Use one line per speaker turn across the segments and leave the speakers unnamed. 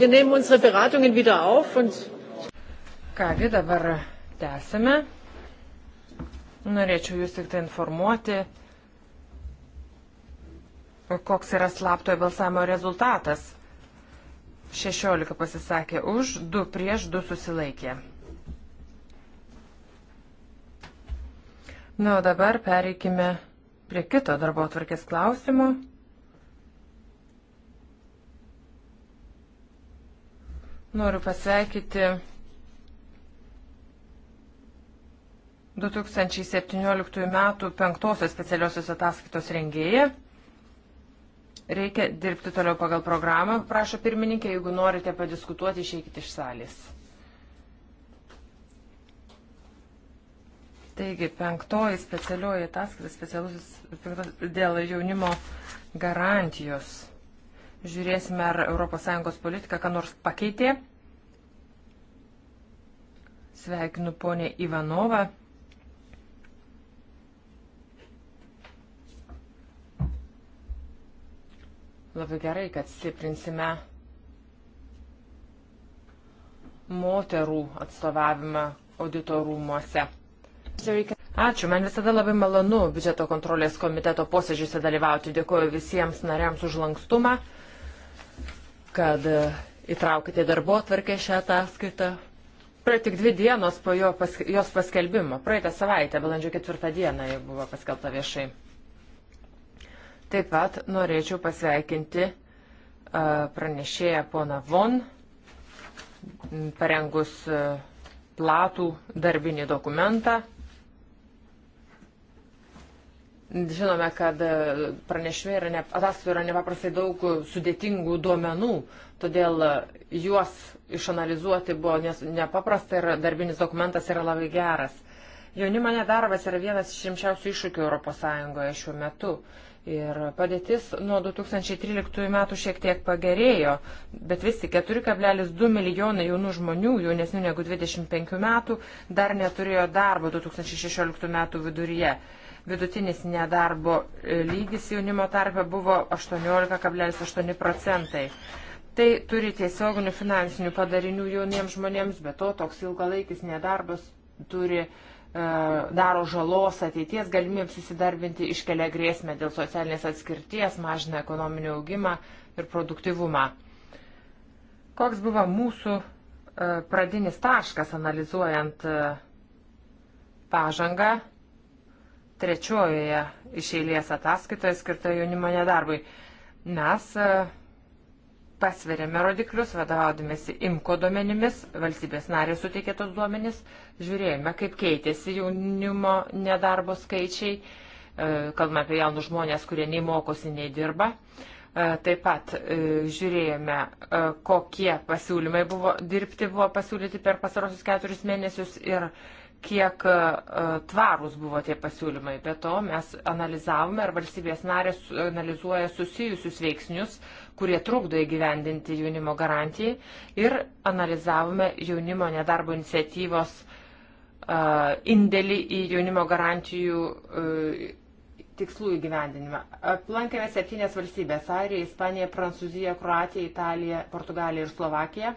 Wir nehmen unsere Beratungen wieder auf und. Kągi, dabar tęsime. Norėčiau jūs tik tai informuoti, koks yra slaptojo balsavimo rezultatas. 16 pasisakė už, 2 prieš, 2 susilaikė. Na, nu, o dabar pereikime prie kito darbo atvarkės klausimo. Noriu pasveikinti 2017 m. penktosios specialiosios ataskaitos rengėją. Reikia dirbti toliau pagal programą. Prašo pirmininkė, jeigu norite padiskutuoti, išeikite iš salės. Taigi, penktoji specialioji ataskaita specialus dėl jaunimo garantijos. Žiūrėsime, ar ES politika ką nors pakeitė. Sveikinu ponę Ivanovą. Labai gerai, kad stiprinsime moterų atstovavimą auditorumuose. Ačiū, man visada labai malonu biudžeto kontrolės komiteto posėdžiuose dalyvauti. Dėkuoju visiems nariams už lankstumą kad e, įtraukite darbo atvarkę šią ataskaitą. Praėjo tik dvi dienos po jo pas, jos paskelbimo. Praeitą savaitę, balandžio ketvirtą dieną, ji buvo paskelbta viešai. Taip pat norėčiau pasveikinti e, pranešėją poną Von, parengus e, platų darbinį dokumentą Žinome, kad e, pranešime yra ne, ataskaitoje yra nepaprastai daug sudėtingų duomenų, todėl e, juos išanalizuoti buvo nepaprasta ir darbinis dokumentas yra labai geras. Jaunimo nedarbas yra vienas iš rimčiausių iššūkių ES šiuo metu. Ir padėtis nuo 2013 metų šiek tiek pagerėjo, bet vis tik 4,2 milijonai jaunų žmonių, jaunesnių negu 25 metų, dar neturėjo darbo 2016 metų viduryje. Vidutinis nedarbo lygis jaunimo tarpe buvo 18,8 procentai. Tai turi tiesioginių finansinių padarinių jauniems žmonėms, bet to toks ilgalaikis nedarbas turi e, daro žalos ateities galimybėms susidarbinti, iškelia grėsmę dėl socialinės atskirties, mažina ekonominį augimą ir produktivumą. Koks buvo mūsų e, pradinis taškas analizuojant e, pažangą trečiojoje iš eilės ataskaitoje skirta jaunimo nedarbui. Mes e, pasverėme rodiklius, vadovaudamėsi imko duomenimis, valstybės narės suteikė tos duomenis, žiūrėjome, kaip keitėsi jaunimo nedarbo skaičiai, e, kalbame apie jaunus žmonės, kurie nei mokosi, nei dirba. E, taip pat žiūrėjome, kokie pasiūlymai buvo dirbti, buvo pasiūlyti per pasarosius keturis mėnesius ir uh, kiek e, tvarūs buvo tie pasiūlymai. Be to, mes analizavome, ar valstybės narės analizuoja susijusius veiksnius, kurie trukdo įgyvendinti jaunimo garantijai ir analizavome jaunimo nedarbo iniciatyvos e, indėlį į jaunimo garantijų e, tikslų įgyvendinimą. Aplankėme septynės valstybės - Airiją, Ispaniją, Prancūziją, Kroatiją, Italiją, Portugaliją ir Slovakiją.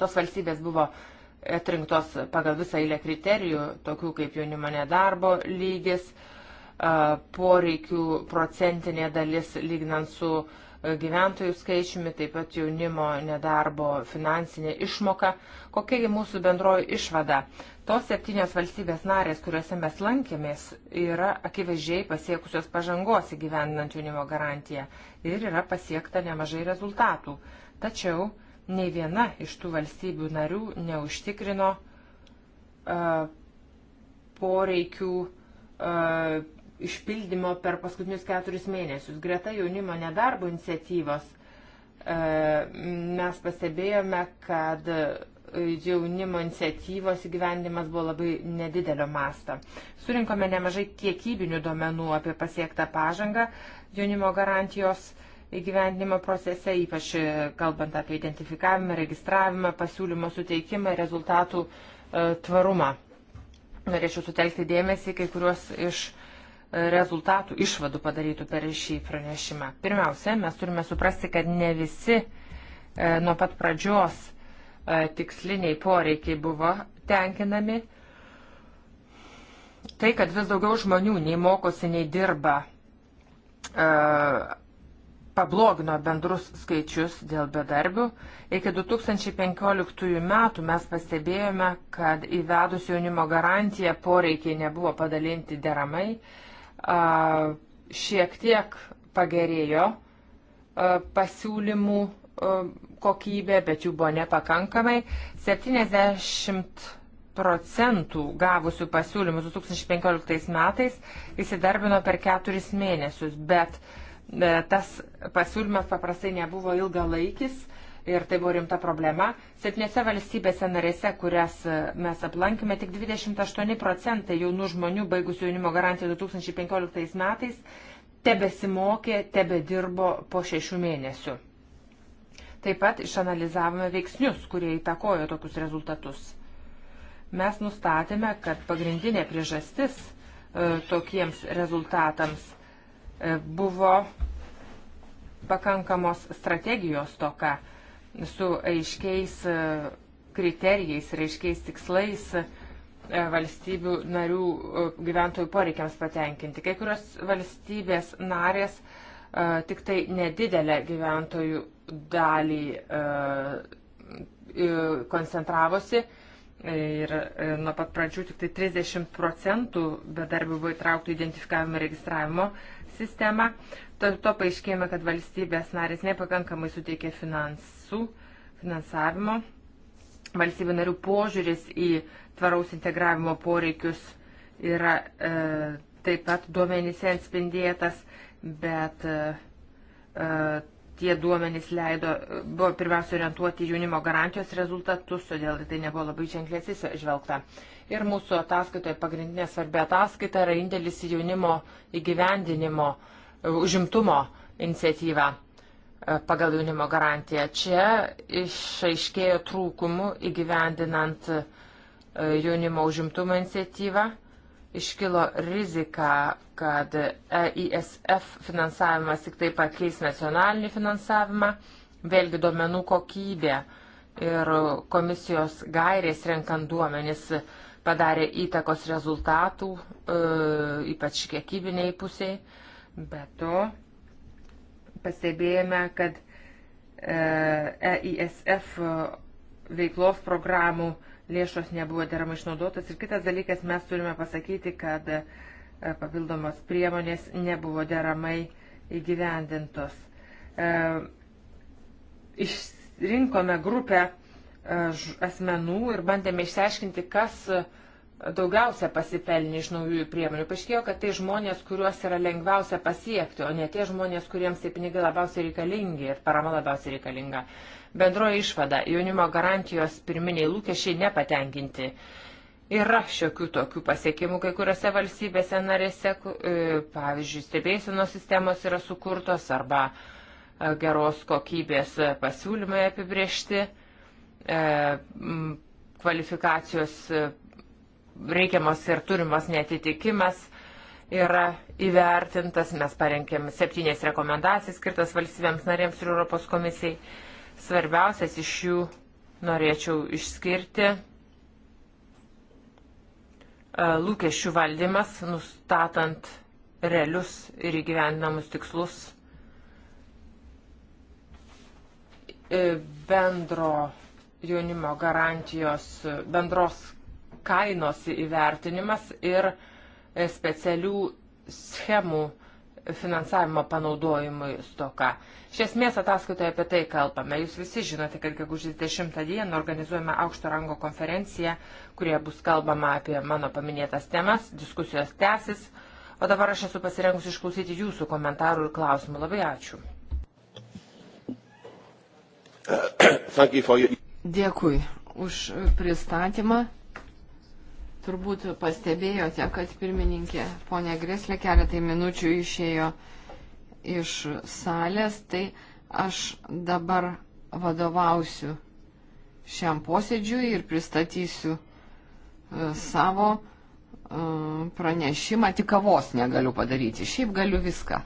Tos valstybės buvo uh, atrinktos pagal visą eilę kriterijų, tokių kaip jaunimo nedarbo lygis, poreikių procentinė dalis lyginant su gyventojų skaičiumi, taip pat jaunimo nedarbo finansinė išmoka. Kokiagi mūsų bendroji išvada? Tos septynios valstybės narės, kuriuose mes lankėmės, yra akivaizdžiai pasiekusios pažangos įgyvendinant jaunimo garantiją ir yra pasiekta nemažai rezultatų. Tačiau nei viena iš tų valstybių narių neužtikrino uh, poreikių uh, išpildymo per paskutinius keturis mėnesius. Greta jaunimo nedarbo iniciatyvos uh, mes pastebėjome, kad jaunimo iniciatyvos įgyvendimas buvo labai nedidelio masto. Surinkome nemažai kiekybinių duomenų apie pasiektą pažangą jaunimo garantijos uh, įgyvendinimo procese, ypač e, kalbant apie identifikavimą, registravimą, pasiūlymo suteikimą, rezultatų e, tvarumą. Norėčiau sutelkti dėmesį kai kuriuos iš e, rezultatų išvadų padarytų per šį pranešimą. Pirmiausia, mes turime suprasti, kad ne visi nuo pat pradžios tiksliniai poreikiai buvo tenkinami. Tai, kad vis daugiau žmonių nei mokosi, nei dirba pablogino bendrus skaičius dėl bedarbių. Iki 2015 metų mes pastebėjome, kad įvedus jaunimo garantiją poreikiai nebuvo padalinti deramai. Šiek tiek pagerėjo pasiūlymų kokybė, bet jų buvo nepakankamai. 70 procentų gavusių pasiūlymus 2015 metais įsidarbino per keturis mėnesius, bet uh, E, tas pasiūlymas paprastai nebuvo ilgalaikis ir tai buvo rimta problema. Septynėse valstybėse narėse, kurias e, mes aplankėme, tik 28 procentai jaunų žmonių baigusių jaunimo garantiją 2015 metais tebesimokė, tebedirbo po šešių mėnesių. Taip pat išanalizavome veiksnius, kurie įtakojo tokius rezultatus. Mes nustatėme, kad pagrindinė priežastis e, tokiems rezultatams E, buvo pakankamos strategijos toka su aiškiais e, kriterijais ir aiškiais tikslais e, valstybių narių gyventojų poreikiams patenkinti. Kai kurios valstybės narės tik tai nedidelę gyventojų dalį koncentravosi ir nuo pat pradžių tik tai 30 procentų bedarbių buvo įtraukti identifikavimo registravimo sistemą. Tad to paaiškėjome, kad valstybės narės nepakankamai suteikė finansų, finansavimo. Valstybių narių požiūris į tvaraus integravimo poreikius yra e, taip pat duomenyse atspindėtas, bet e, e tie duomenys leido, buvo pirmiausia orientuoti jaunimo garantijos rezultatus, todėl tai nebuvo labai ženklės įsižvelgta. E, ir mūsų ataskaitoje pagrindinė svarbia ataskaita yra indėlis į jaunimo įgyvendinimo, užimtumo iniciatyvą e, pagal jaunimo garantiją. Čia išaiškėjo trūkumų įgyvendinant e, jaunimo užimtumo iniciatyvą. Iškilo rizika, kad EISF finansavimas tik taip pakeis nacionalinį finansavimą, vėlgi duomenų kokybė ir komisijos gairės renkant duomenis padarė įtakos rezultatų, e, ypač kiekybiniai pusiai. Be to pastebėjome, kad EISF e veiklos programų lėšos nebuvo deramai išnaudotas. Ir kitas dalykas, mes turime pasakyti, kad e, papildomos priemonės nebuvo deramai įgyvendintos. Išrinkome grupę E, asmenų ir bandėme išsiaiškinti, kas e, daugiausia pasipelnė iš naujųjų priemonių. Paaiškėjo, kad tai žmonės, kuriuos yra lengviausia pasiekti, o ne tie žmonės, kuriems tie pinigai labiausiai reikalingi ir parama labiausiai reikalinga. Bendroji išvada - jaunimo garantijos pirminiai lūkesčiai nepatenkinti. Yra šiokių tokių pasiekimų kai kuriuose valstybėse narėse, e, pavyzdžiui, stebėsienos sistemos yra sukurtos arba geros kokybės pasiūlymai apibriešti E, kvalifikacijos e, reikiamas ir turimas netitikimas yra įvertintas. Mes parengėm septynės rekomendacijas skirtas valstybėms narėms ir Europos komisijai. Svarbiausias iš jų norėčiau išskirti e, lūkesčių valdymas, nustatant realius ir įgyvendinamus tikslus bendro jaunimo garantijos bendros kainos įvertinimas ir e, specialių schemų finansavimo panaudojimui stoka. Iš esmės ataskaitoje apie tai kalbame. Jūs visi žinote, kad gegužės 10 dieną organizuojame aukšto rango konferenciją, kurioje bus kalbama apie mano paminėtas temas, diskusijos tęsis. O dabar aš esu pasirengusi išklausyti jūsų komentarų ir klausimų. Labai ačiū.
You
Dėkui už pristatymą. Turbūt pastebėjote, kad pirmininkė ponė Greslė keletai minučių išėjo iš salės, tai aš dabar vadovausiu šiam posėdžiui ir pristatysiu e, savo e, pranešimą. Tik kavos negaliu padaryti, šiaip galiu viską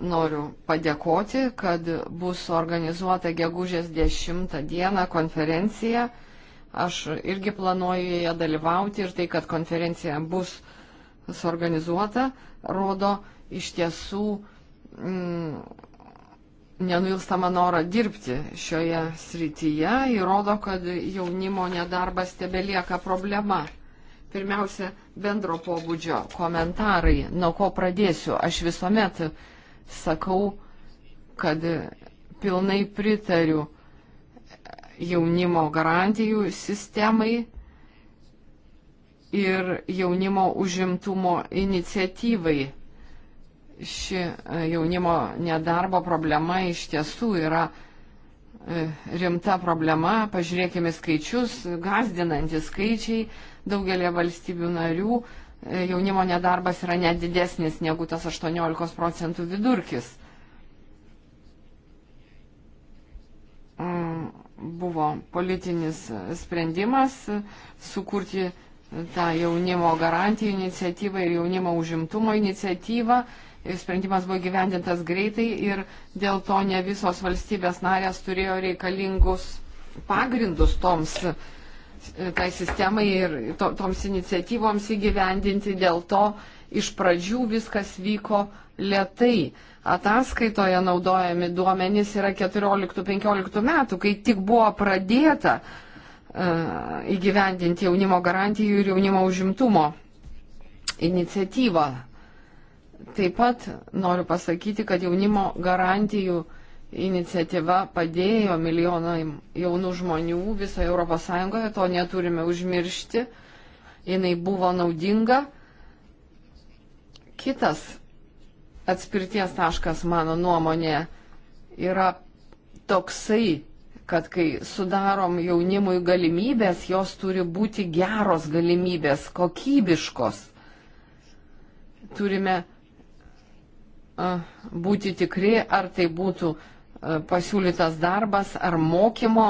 noriu padėkoti, kad bus organizuota gegužės 10 dieną konferencija. Aš irgi planuoju ją dalyvauti ir tai, kad konferencija bus suorganizuota, rodo iš tiesų mm, nenuilstamą norą dirbti šioje srityje, įrodo, kad jaunimo nedarbas tebe lieka problema. Pirmiausia, bendro pobūdžio komentarai, nuo ko pradėsiu. Aš visuomet uh, sakau, kad pilnai pritariu jaunimo garantijų sistemai ir jaunimo užimtumo iniciatyvai. Ši e, jaunimo nedarbo problema iš tiesų yra e, rimta problema. Pažiūrėkime skaičius, gazdinantys skaičiai daugelį valstybių narių E, jaunimo nedarbas yra net didesnis negu tas 18 procentų vidurkis. Mm, buvo politinis sprendimas sukurti tą jaunimo garantijų iniciatyvą ir jaunimo užimtumo iniciatyvą. Sprendimas buvo gyvendintas greitai ir dėl to ne visos valstybės narės turėjo reikalingus pagrindus toms uh, tai sistemai ir to, toms iniciatyvoms įgyvendinti. Dėl to iš pradžių viskas vyko lietai. Ataskaitoje naudojami duomenys yra 14-15 metų, kai tik buvo pradėta uh, įgyvendinti jaunimo garantijų ir jaunimo užimtumo iniciatyvą. Taip pat noriu pasakyti, kad jaunimo garantijų uh, iniciatyva padėjo milijonai jaunų žmonių visoje Europos Sąjungoje, to neturime užmiršti. Jinai buvo naudinga. Kitas atspirties taškas, mano nuomonė, yra toksai, kad kai sudarom jaunimui galimybės, jos turi būti geros galimybės, kokybiškos. Turime uh, būti tikri, ar tai būtų uh, pasiūlytas darbas ar mokymo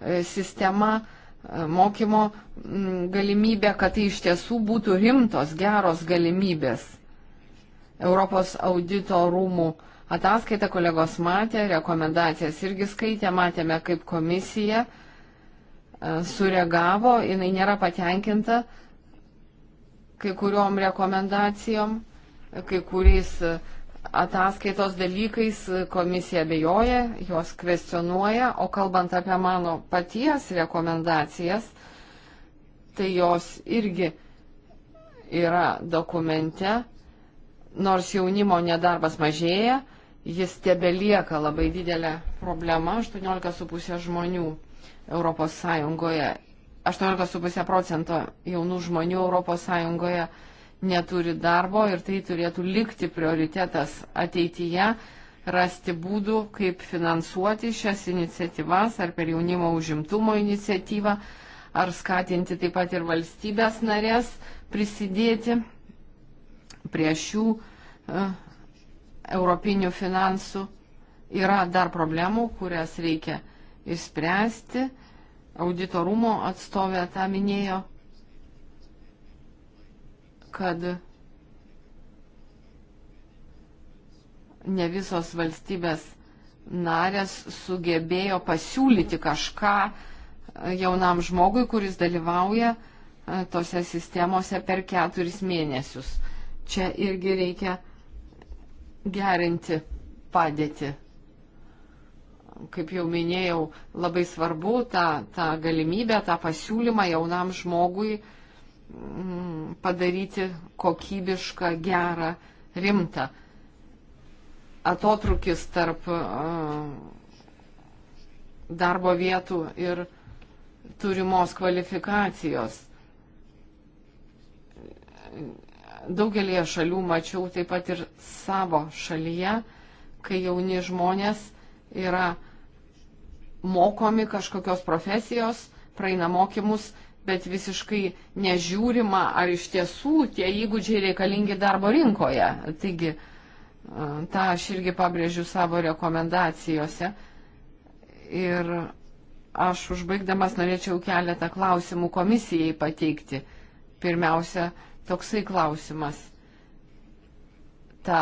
e, sistema, e, mokymo galimybė, kad tai iš tiesų būtų rimtos, geros galimybės. Europos audito rūmų ataskaitą kolegos matė, rekomendacijas irgi skaitė, matėme, kaip komisija e, sureagavo, jinai nėra patenkinta kai kuriuom rekomendacijom, kai kuriais uh, ataskaitos dalykais komisija bejoja, juos kvestionuoja, o kalbant apie mano paties rekomendacijas, tai jos irgi yra dokumente, nors jaunimo nedarbas mažėja, jis tebelieka labai didelė problema, 18,5 žmonių Europos Sąjungoje, 18,5 procento jaunų žmonių Europos Sąjungoje neturi darbo ir tai turėtų likti prioritetas ateityje rasti būdų, kaip finansuoti šias iniciatyvas ar per jaunimo užimtumo iniciatyvą, ar skatinti taip pat ir valstybės narės prisidėti prie šių uh, europinių finansų. Yra dar problemų, kurias reikia išspręsti. Auditorumo atstovė tą minėjo kad ne visos valstybės narės sugebėjo pasiūlyti kažką jaunam žmogui, kuris dalyvauja e, tose sistemose per keturis mėnesius. Čia irgi reikia gerinti padėtį. Kaip jau minėjau, labai svarbu tą, tą galimybę, tą pasiūlymą jaunam žmogui uh, Mm, padaryti kokybišką, gerą, rimtą. Atotrukis tarp uh, darbo vietų ir turimos kvalifikacijos. Daugelie šalių mačiau taip pat ir savo šalyje, kai jauni žmonės yra mokomi kažkokios profesijos, praeina mokymus bet visiškai nežiūrima, ar iš tiesų tie įgūdžiai reikalingi darbo rinkoje. Taigi, e, tą aš irgi pabrėžiu savo rekomendacijose. Ir aš užbaigdamas norėčiau keletą klausimų komisijai pateikti. Pirmiausia, toksai klausimas. Ta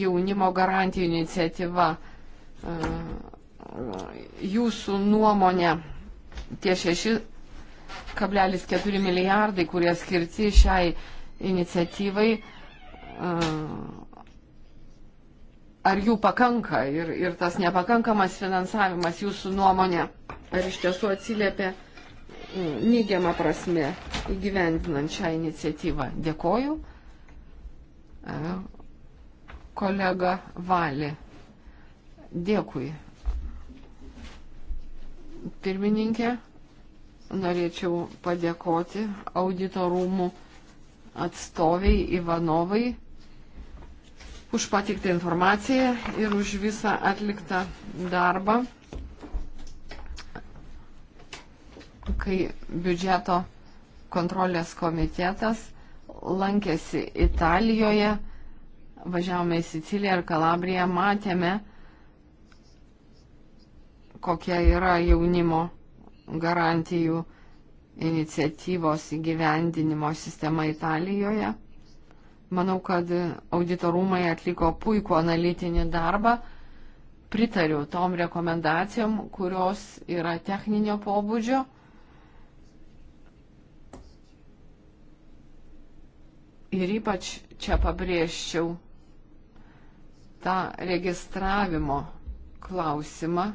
jaunimo garantijų iniciatyva, e, jūsų nuomonė, tie šeši 1,4 milijardai, kurie skirti šiai iniciatyvai, uh, ar jų pakanka ir, ir tas nepakankamas finansavimas jūsų nuomonė, ar iš tiesų atsiliepia mm, neigiamą prasme įgyvendinant šią iniciatyvą. Dėkoju. Uh, kolega Vali. Dėkui. Pirmininkė norėčiau padėkoti auditorumų atstoviai Ivanovai už patiktą informaciją ir už visą atliktą darbą, kai biudžeto kontrolės komitetas lankėsi Italijoje, važiavome į Siciliją ir Kalabriją, matėme, kokia yra jaunimo garantijų iniciatyvos įgyvendinimo sistema Italijoje. Manau, kad auditorumai atliko puikų analitinį darbą. Pritariu tom rekomendacijom, kurios yra techninio pobūdžio. Ir ypač čia pabrėžčiau tą registravimo klausimą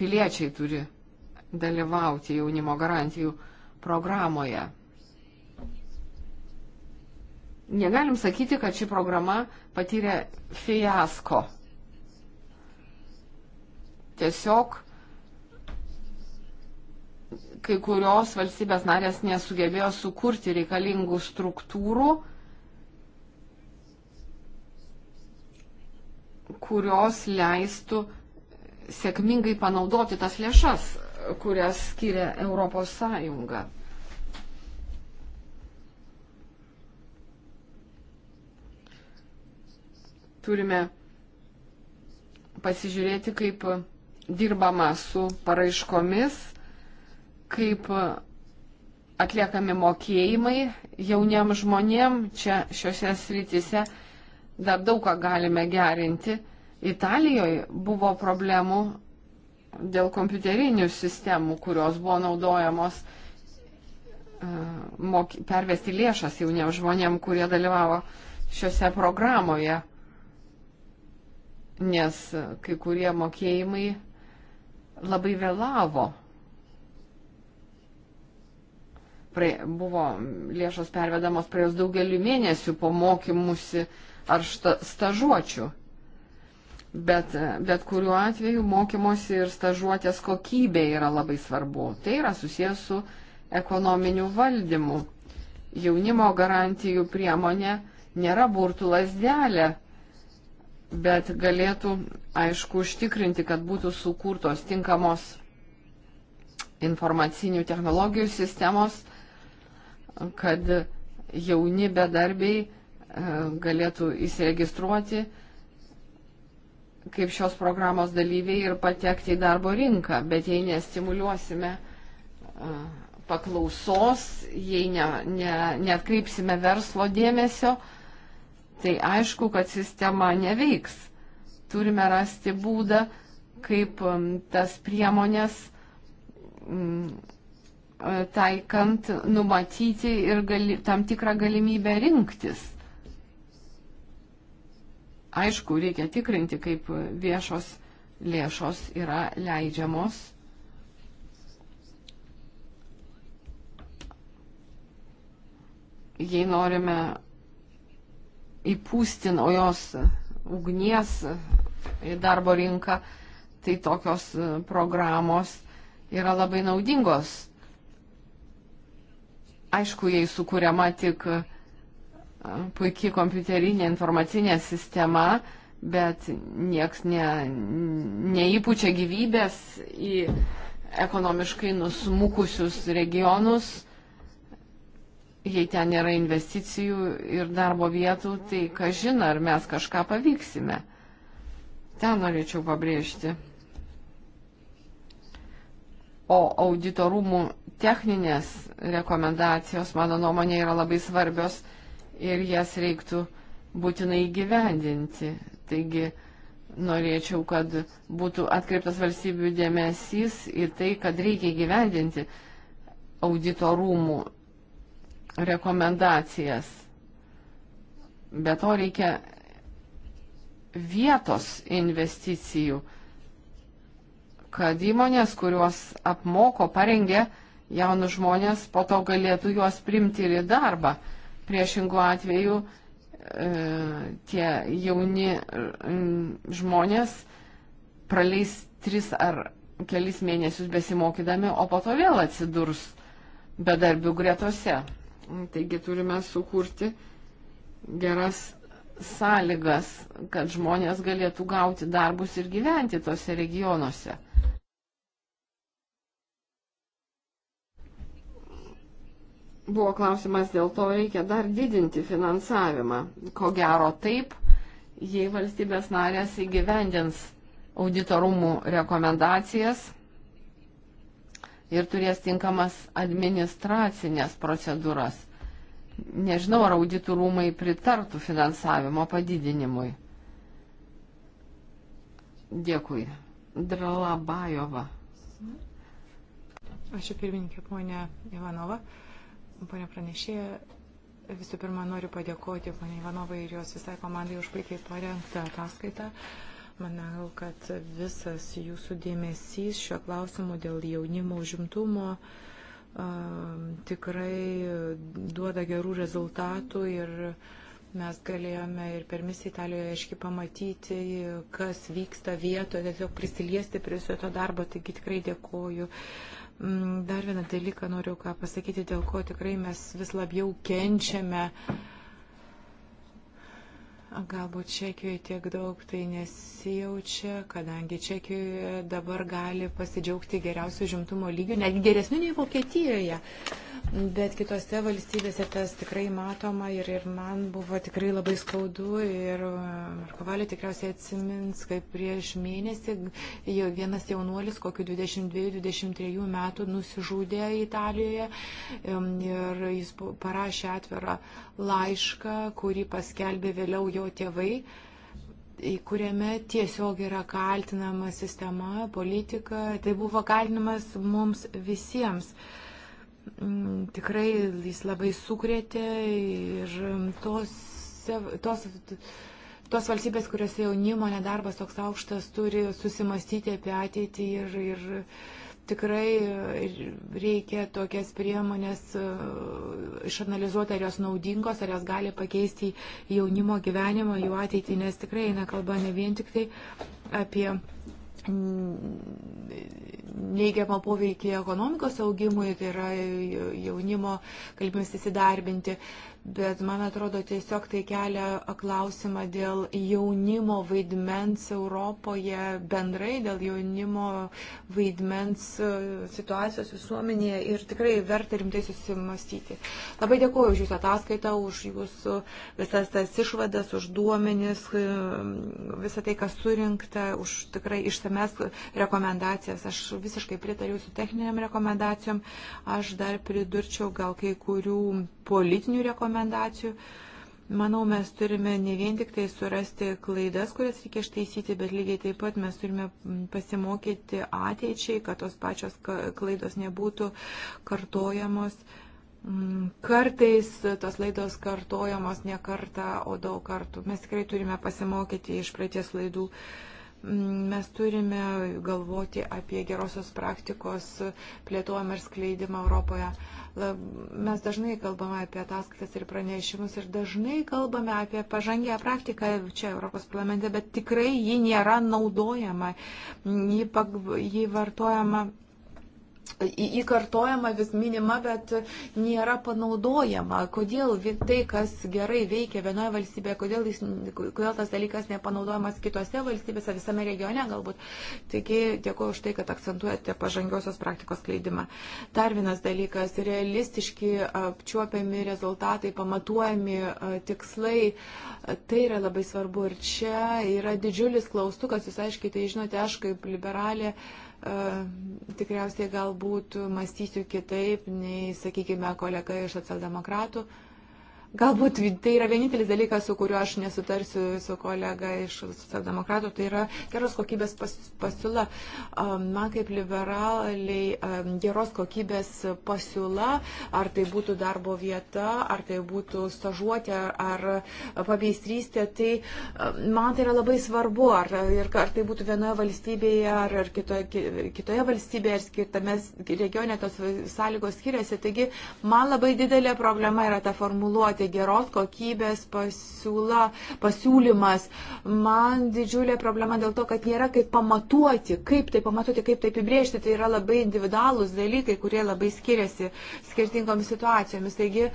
piliečiai turi dalyvauti jaunimo garantijų programoje. Negalim sakyti, kad ši programa patyrė fiasko. Tiesiog kai kurios valstybės narės nesugebėjo sukurti reikalingų struktūrų, kurios leistų sėkmingai panaudoti tas lėšas, kurias skiria Europos Sąjunga. Turime pasižiūrėti, kaip dirbama su paraiškomis, kaip atliekami mokėjimai jauniem žmonėm čia šiuose srityse. Dar daug ką galime gerinti Italijoje buvo problemų dėl kompiuterinių sistemų, kurios buvo naudojamos e, moky, pervesti lėšas jauniems žmonėm, kurie dalyvavo šiuose programoje, nes kai kurie mokėjimai labai vėlavo. Praė, buvo lėšos pervedamos praėjus daugeliu mėnesių po mokymusi ar šta, stažuočių. Bet, bet kuriuo atveju mokymosi ir stažuotės kokybė yra labai svarbu. Tai yra susijęs su ekonominiu valdymu. Jaunimo garantijų priemonė nėra burtų lasdelė, bet galėtų, aišku, užtikrinti, kad būtų sukurtos tinkamos informacinių technologijų sistemos, kad jauni bedarbiai e, galėtų įsiregistruoti kaip šios programos dalyviai ir patekti į darbo rinką, bet jei nestimuliuosime paklausos, jei ne, ne, netkreipsime verslo dėmesio, tai aišku, kad sistema neveiks. Turime rasti būdą, kaip tas priemonės taikant numatyti ir gali, tam tikrą galimybę rinktis. Aišku, reikia tikrinti, kaip viešos lėšos yra leidžiamos. Jei norime įpūsti naujos ugnies į darbo rinką, tai tokios programos yra labai naudingos. Aišku, jei sukūriama tik puikiai kompiuterinė informacinė sistema, bet nieks ne, neįpučia gyvybės į ekonomiškai nusmukusius regionus. Jei ten nėra investicijų ir darbo vietų, tai ką žina, ar mes kažką pavyksime. Tą norėčiau pabrėžti. O auditorumų techninės rekomendacijos, mano nuomonė, yra labai svarbios ir jas reiktų būtinai gyvendinti. Taigi norėčiau, kad būtų atkreiptas valstybių dėmesys į tai, kad reikia gyvendinti auditorumų rekomendacijas. Be to reikia vietos investicijų, kad įmonės, kurios apmoko, parengė jaunus žmonės, po to galėtų juos primti ir į darbą. Priešingų atveju e, tie jauni žmonės praleis tris ar kelis mėnesius besimokydami, o po to vėl atsidurs bedarbių gretose. Taigi turime sukurti geras sąlygas, kad žmonės galėtų gauti darbus ir gyventi tose regionuose. buvo klausimas dėl to, reikia dar didinti finansavimą. Ko gero taip, jei valstybės narės įgyvendins auditorumų rekomendacijas ir turės tinkamas administracinės procedūras. Nežinau, ar auditorumai pritartų finansavimo padidinimui. Dėkui. Dralabajova.
Ačiū pirmininkė, ponė Ivanova. Uh, Pone pranešėja, visų pirma noriu padėkoti ponė Ivanovai ir jos visai komandai už puikiai parengtą ataskaitą. Manau, kad visas jūsų dėmesys šiuo klausimu dėl jaunimo užimtumo tikrai duoda gerų rezultatų ir mes galėjome ir per misiją Italijoje aiškiai pamatyti, kas vyksta vietoje, tiesiog prisiliesti prie viso to darbo, taigi tikrai dėkoju. Uh, Mm, dar vieną dalyką noriu ką pasakyti, dėl ko tikrai mes vis labiau kenčiame. Uh, Galbūt Čekijoje tiek daug tai nesijaučia, kadangi Čekijoje dabar gali pasidžiaugti geriausių žimtumo lygių, netgi geresnių nei Vokietijoje. Bet kitose valstybėse tas tikrai matoma ir, ir man buvo tikrai labai skaudu ir uh, Markovalė tikriausiai atsimins, kaip prieš mėnesį jau vienas jaunuolis, kokiu 22-23 metų, nusižudė Italijoje um, ir jis parašė atvirą laišką, kurį paskelbė vėliau jau jo tėvai, kuriame tiesiog yra kaltinama sistema, politika. Tai buvo kaltinimas mums visiems. Mm, tikrai jis labai sukrėtė ir tos, tos tos valstybės, kuriuose jaunimo nedarbas toks aukštas, turi susimastyti apie ateitį ir, ir tikrai reikia tokias priemonės e, išanalizuoti, ar jos naudingos, ar jos gali pakeisti jaunimo gyvenimą, jų ateitį, nes tikrai eina kalba ne vien tik tai apie neigiamą poveikį ekonomikos augimui, tai yra jaunimo galimybės įsidarbinti, bet man atrodo tiesiog tai kelia klausimą dėl jaunimo vaidmens Europoje bendrai, dėl jaunimo vaidmens e, situacijos visuomenėje ir tikrai verta rimtai susimastyti. Labai dėkuoju už Jūsų ataskaitą, už Jūsų visas tas išvadas, už duomenis, e, visą tai, kas surinkta, už tikrai išsames rekomendacijas. Aš visiškai pritariu Jūsų techniniam rekomendacijom. Aš dar pridurčiau gal kai kurių politinių rekomendacijų rekomendacijų. Manau, mes turime ne vien tik tai surasti klaidas, kurias reikia ištaisyti, bet lygiai taip pat mes turime pasimokyti ateičiai, kad tos pačios klaidos nebūtų kartojamos. Mm, kartais tos laidos kartojamos ne kartą, o daug kartų. Mes tikrai turime pasimokyti iš praeities laidų. Uh, mes turime galvoti apie gerosios praktikos plėtojimą ir skleidimą Europoje. Mes dažnai kalbame apie ataskaitas ir pranešimus ir dažnai kalbame apie pažangę praktiką čia Europos parlamente, bet tikrai ji nėra naudojama, ji, pag, ji vartojama įkartojama, vis minima, bet nėra panaudojama. Kodėl tai, kas gerai veikia vienoje valstybėje, kodėl, jis, kodėl tas dalykas nepanaudojamas kitose valstybėse, visame regione galbūt. Taigi dėkuoju už tai, kad akcentuojate pažangiosios praktikos kleidimą. Dar vienas dalykas - realistiški, apčiuopiami rezultatai, pamatuojami tikslai. Tai yra labai svarbu ir čia yra didžiulis klaustukas, jūs aiškiai tai žinote, aš kaip liberalė tikriausiai galbūt mąstysiu kitaip nei, sakykime, kolega iš socialdemokratų. Uh, Galbūt tai yra vienintelis dalykas, su kuriuo aš nesutarsiu su kolega iš socialdemokratų, tai yra geros kokybės pas, pasiūla. Man kaip liberaliai geros kokybės pasiūla, ar tai būtų darbo vieta, ar tai būtų stažuotė, ar pabeistrystė, tai man tai yra labai svarbu, ar, ar tai būtų vienoje valstybėje, ar, ar kitoje, kitoje valstybėje, ar skirtame regione tos sąlygos skiriasi. Taigi man labai didelė problema yra ta formuluotė tai geros kokybės pasiūla, pasiūlymas. Man didžiulė problema dėl to, kad nėra kaip pamatuoti, kaip tai pamatuoti, kaip tai apibriežti. Tai yra labai individualūs dalykai, kurie labai skiriasi skirtingomis situacijomis. Taigi,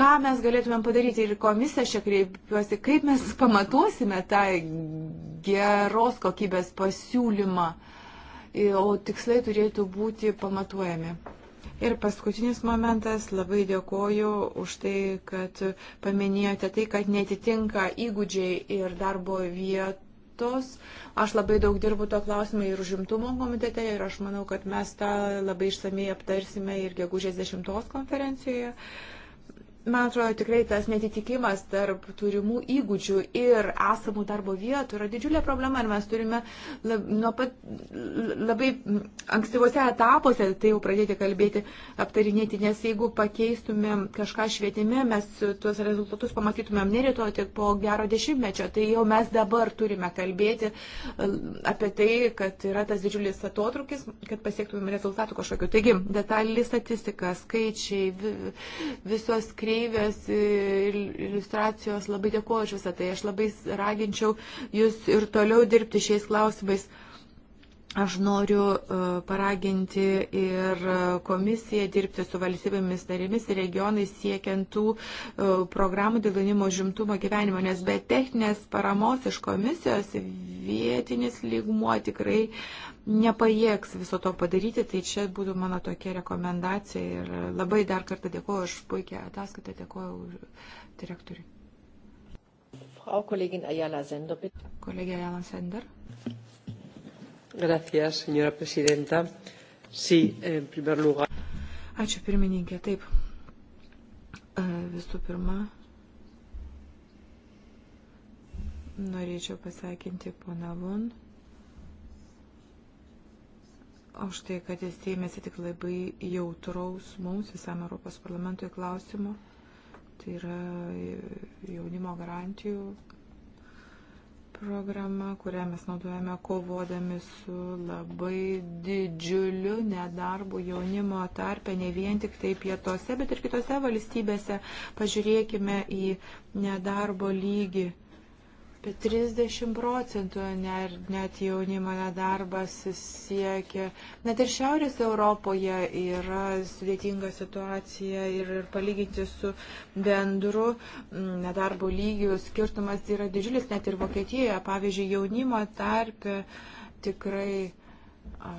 ką mes galėtumėm padaryti ir komisija šiek kreipiuosi, kaip mes pamatuosime tą geros kokybės pasiūlymą, o tikslai turėtų būti pamatuojami. Ir paskutinis momentas, labai dėkoju už tai, kad paminėjote tai, kad netitinka įgūdžiai ir darbo vietų metus. Aš labai daug dirbu to klausimą ir užimtumo komitete ir aš manau, kad mes tą labai išsamei aptarsime ir gegužės 10 konferencijoje. Uh, Man atrodo, tikrai tas netitikimas tarp turimų įgūdžių ir esamų darbo vietų yra didžiulė problema ir mes turime lab, nuo pat labai ankstyvose etapuose tai jau pradėti kalbėti, aptarinėti, nes jeigu pakeistumėm kažką švietime, mes tuos rezultatus pamatytumėm ne rytoj, tik po gero dešimtmečio. Tai jau mes dabar turime kalbėti apie tai, kad yra tas didžiulis atotrukis, kad pasiektumėm rezultatų kažkokiu. Taigi, detali statistika, skaičiai, visos kreipimai deivės iliustracijos. Labai dėkuoju už visą tai. Aš labai raginčiau jūs ir toliau dirbti šiais klausimais. Aš noriu e, paraginti ir komisiją dirbti su valstybėmis narėmis ir regionais siekiant tų e, programų dėl jaunimo žimtumo gyvenimo, nes be techninės paramos iš komisijos vietinis lygmuo tikrai nepajėgs viso to padaryti. Tai čia būtų mano tokia rekomendacija ir labai dar kartą dėkuoju už puikią ataskaitą, dėkuoju direktoriui. Frau Kollegin Ayala Sender, bitte. Kollege Ayala Sender.
Gracias, señora presidenta. Sí, en primer lugar.
Ačiū pirmininkė, taip. E, visų pirma, norėčiau pasakinti poną Von už tai, kad jis tėmėsi tik labai jautraus mums visam Europos parlamentui klausimo. Tai yra jaunimo garantijų programa, kurią mes naudojame kovodami su labai didžiuliu nedarbu jaunimo tarpe, ne vien tik tai pietose, bet ir kitose valstybėse. Pažiūrėkime į nedarbo lygį Apie 30 procentų net jaunimo nedarbas siekia. Net ir Šiaurės Europoje yra sudėtinga situacija ir, ir palyginti su bendru mm, nedarbo lygiu skirtumas yra didžiulis. Net ir Vokietijoje, pavyzdžiui, jaunimo tarpe tikrai a,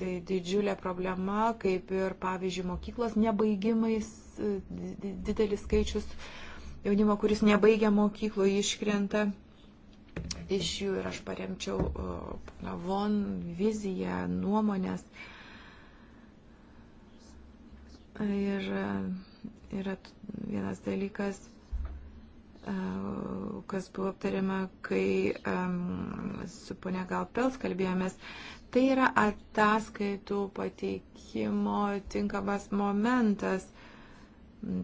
tai didžiulė problema, kaip ir, pavyzdžiui, mokyklos nebaigimais didelis skaičius jaunimo, kuris nebaigia mokyklo, iškrenta iš jų ir aš paremčiau pana Von viziją, nuomonės. Ir e, yra vienas dalykas, e, kas buvo aptariama, kai um, su ponia Galpels kalbėjomės, tai yra ataskaitų pateikimo tinkamas momentas.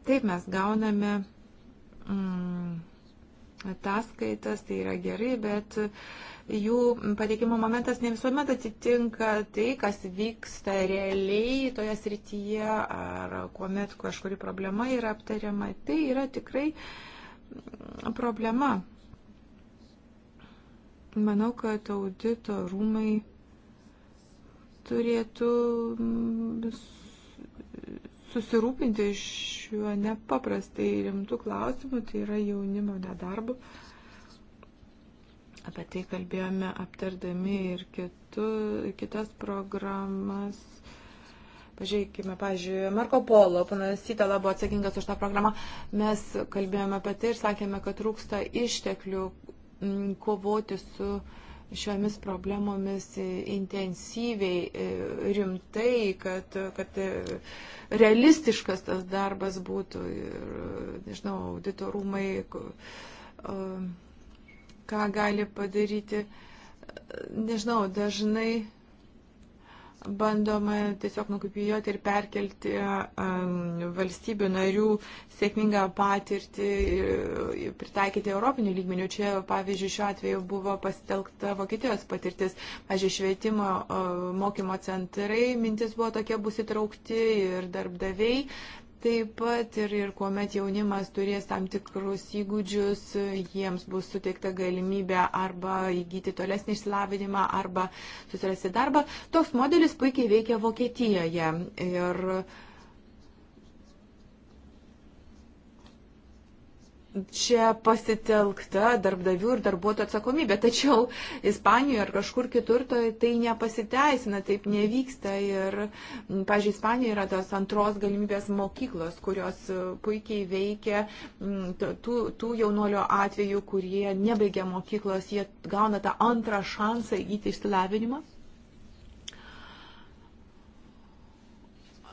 Taip mes gauname mm, ataskaitas, tai yra gerai, bet jų pateikimo momentas ne visuomet atitinka tai, kas vyksta realiai toje srityje ar kuomet kažkuri problema yra aptariama. Tai yra tikrai problema. Manau, kad audito rūmai turėtų susirūpinti šiuo nepaprastai rimtu klausimu, tai yra jaunimo nedarbu. Apie tai kalbėjome aptardami ir kitu, kitas programas. Pažiūrėkime, pažiūrėjau, Marko Polo, panas Sitala buvo atsakingas už tą programą. Mes kalbėjome apie tai ir sakėme, kad trūksta išteklių kovoti su uh, šiomis problemomis intensyviai, e, rimtai, kad, kad e, realistiškas tas darbas būtų. Ir, nežinau, auditorumai, e, ką gali padaryti. Nežinau, dažnai bandoma tiesiog nukopijuoti ir perkelti um, valstybių narių sėkmingą patirtį ir pritaikyti europinių lygmenių. Čia, pavyzdžiui, šiuo atveju buvo pasitelkta Vokietijos patirtis. Pavyzdžiui, švietimo uh, mokymo centrai mintis buvo tokie bus įtraukti ir darbdaviai Taip pat ir, ir kuomet jaunimas turės tam tikrus įgūdžius, jiems bus suteikta galimybė arba įgyti tolesnį išsilavinimą, arba susirasti darbą. Toks modelis puikiai veikia Vokietijoje. Ir uh, čia pasitelkta darbdavių ir darbuotojų atsakomybė, tačiau Ispanijoje ar kažkur kitur to, tai nepasiteisina, taip nevyksta ir, pažiūrėjau, Ispanijoje yra tos antros galimybės mokyklos, kurios e, puikiai veikia tų, tų jaunuolio atveju, kurie nebaigia mokyklos, jie gauna tą antrą šansą įgyti išsilavinimą.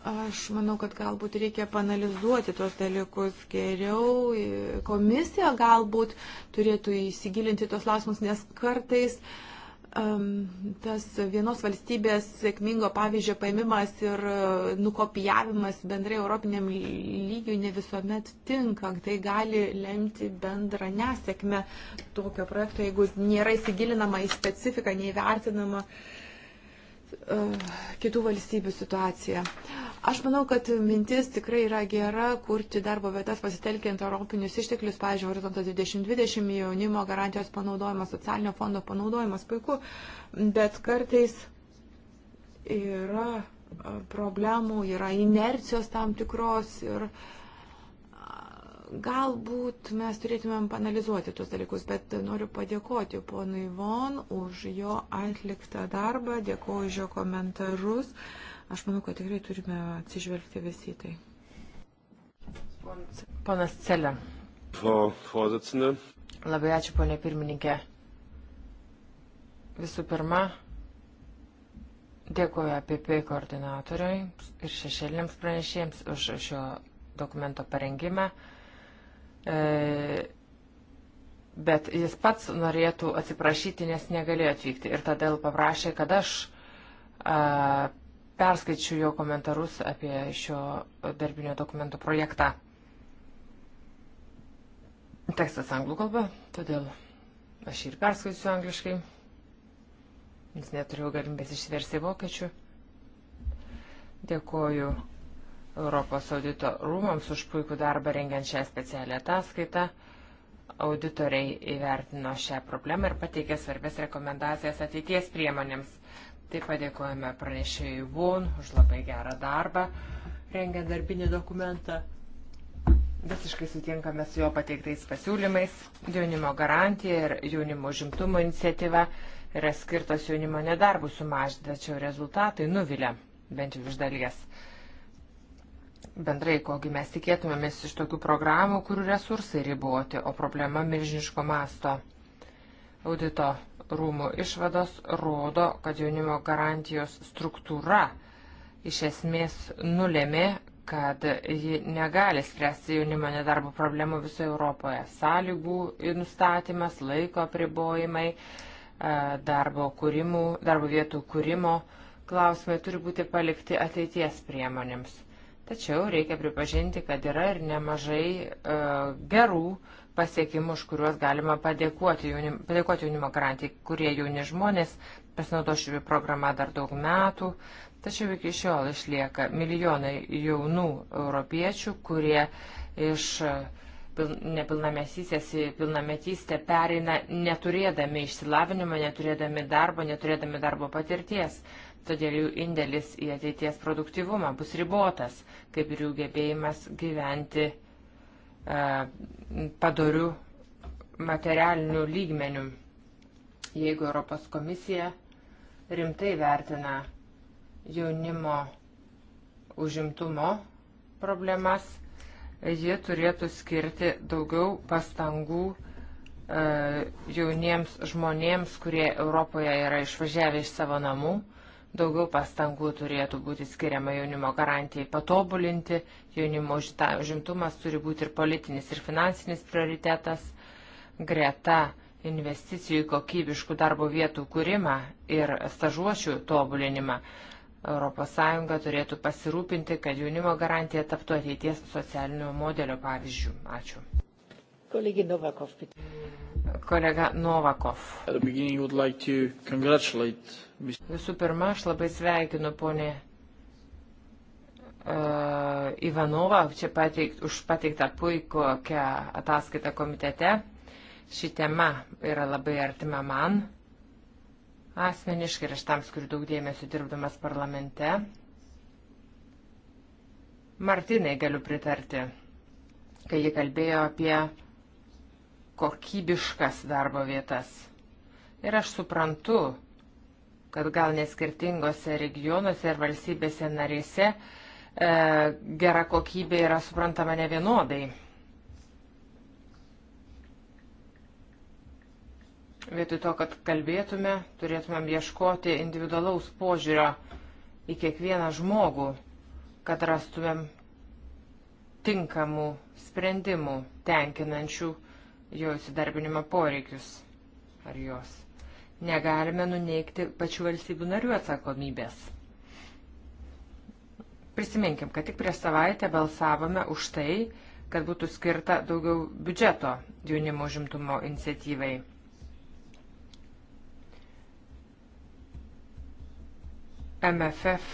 Aš manau, kad galbūt reikia panalizuoti tuos dalykus geriau. Komisija galbūt turėtų įsigilinti tuos lausimus, nes kartais um, tas vienos valstybės sėkmingo pavyzdžio paėmimas ir nukopijavimas bendrai europiniam lygiui ne visuomet tinka. Tai gali lemti bendrą nesėkmę tokio projekto, jeigu nėra įsigilinama į specifiką, neįvertinama. Uh, kitų valstybių situaciją. Aš manau, kad mintis tikrai yra gera kurti darbo vietas pasitelkiant europinius išteklius, pavyzdžiui, horizontas 2020, jaunimo garantijos panaudojimas, socialinio fondo panaudojimas, puiku, bet kartais yra e, problemų, yra inercijos tam tikros ir e, galbūt mes turėtumėm panalizuoti tuos dalykus, bet noriu padėkoti ponui Von už jo atliktą darbą, dėkoju už jo komentarus. Uh, Aš manau, kad tikrai turime atsižvelgti visi į tai. Ponas Celė.
Labai ačiū, ponė pirmininkė. Visų pirma, dėkuoju APP koordinatoriui ir šešėlėms pranešėjams už šio dokumento parengimą. E, bet jis pats norėtų atsiprašyti, nes negalėjo atvykti. Ir todėl paprašė, kad aš a, perskaičiu jo komentarus apie šio darbinio dokumento projektą. Tekstas anglų kalba, todėl aš ir perskaičiu angliškai, nes neturėjau galimybės išversti vokiečių. Dėkoju Europos audito rūmams už puikų darbą rengiant šią specialią ataskaitą. Auditoriai įvertino šią problemą ir pateikė svarbės rekomendacijas ateities priemonėms. Taip pat dėkojame pranešėjai VUN už labai gerą darbą, rengiant darbinį dokumentą. Visiškai sutinkame su jo pateiktais pasiūlymais. Jaunimo garantija ir jaunimo žimtumo iniciatyva yra skirtos jaunimo nedarbų sumažinti, tačiau rezultatai nuvilia, bent jau iš dalies. Bendrai, kogi mes tikėtumėmės iš tokių programų, kurių resursai riboti, o problema milžiniško masto. Audito rūmų išvados rodo, kad jaunimo garantijos struktūra iš esmės nulėmė, kad ji negali spręsti jaunimo nedarbo problemų visoje Europoje. Sąlygų nustatymas, laiko pribojimai, e, darbo, kūrimų, darbo vietų kūrimo klausimai turi būti palikti ateities priemonėms. Tačiau reikia pripažinti, kad yra ir nemažai e, gerų pasiekimus, kuriuos galima padėkoti, jaunim, padėkoti jaunimo garantijai, kurie jauni žmonės pasinaudo šį programą dar daug metų. Tačiau iki šiol išlieka milijonai jaunų europiečių, kurie iš e, nepilnamesysės į pilnametystę pereina neturėdami išsilavinimo, neturėdami darbo, neturėdami darbo patirties. Todėl jų indėlis į ateities produktivumą bus ribotas, kaip ir jų gebėjimas gyventi E, padorių materialinių lygmenių. Jeigu Europos komisija rimtai vertina jaunimo užimtumo problemas, ji turėtų skirti daugiau pastangų e, jauniems žmonėms, kurie Europoje yra išvažiavę iš savo namų Daugiau pastangų turėtų būti skiriama jaunimo garantijai patobulinti, jaunimo žimtumas turi būti ir politinis, ir finansinis prioritetas. Greta investicijų į kokybiškų darbo vietų kūrimą ir stažuočių tobulinimą ES turėtų pasirūpinti, kad jaunimo garantija taptų ateities socialinio modelio pavyzdžių. Ačiū. Kolegi Novakov. Kolega Novakov.
Like
Visų pirma, aš labai sveikinu ponė uh, e, Ivanovą čia pateikt, už pateiktą puikokią ataskaitą komitete. Ši tema yra labai artima man asmeniškai ir aš tam skiriu daug dėmesio dirbdamas parlamente. Martinai galiu pritarti, kai ji kalbėjo apie kokybiškas darbo vietas. Ir aš suprantu, kad gal neskirtingose regionuose ir valstybėse narėse e, gera kokybė yra suprantama ne vienodai. Vietoj to, kad kalbėtume, turėtumėm ieškoti individualaus požiūrio į kiekvieną žmogų, kad rastumėm tinkamų sprendimų tenkinančių jo įsidarbinimo poreikius ar jos negalime nuneikti pačių valstybių narių atsakomybės. Prisiminkim, kad tik prieš savaitę balsavome už tai, kad būtų skirta daugiau biudžeto jaunimo žimtumo iniciatyvai. MFF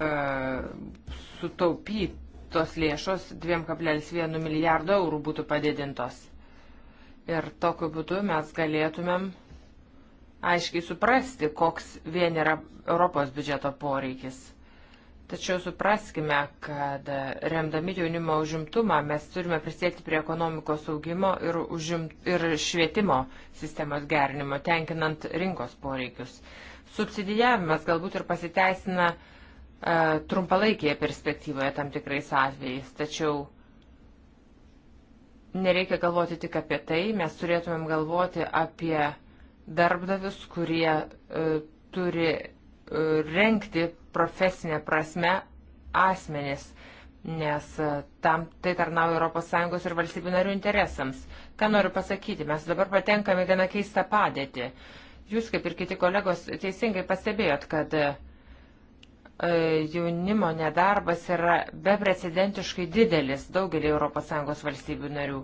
e, sutaupytos lėšos 2,1 milijardo eurų būtų padidintos. Ir tokiu būdu mes galėtumėm aiškiai suprasti, koks vien yra Europos biudžeto poreikis. Tačiau supraskime, kad remdami jaunimo užimtumą mes turime prisėti prie ekonomikos augimo ir, užim, ir švietimo sistemos gerinimo, tenkinant rinkos poreikius. Subsidijavimas galbūt ir pasiteisina e, trumpalaikėje perspektyvoje tam tikrais atvejais, tačiau nereikia galvoti tik apie tai, mes turėtumėm galvoti apie darbdavius, kurie e, turi e, renkti profesinę prasme asmenis, nes e, tam tai tarnauja ES ir valstybių narių interesams. Ką noriu pasakyti, mes dabar patenkame gana keistą padėtį. Jūs, kaip ir kiti kolegos, teisingai pastebėjot, kad e, e jaunimo nedarbas yra beprecedentiškai didelis daugelį ES valstybių narių.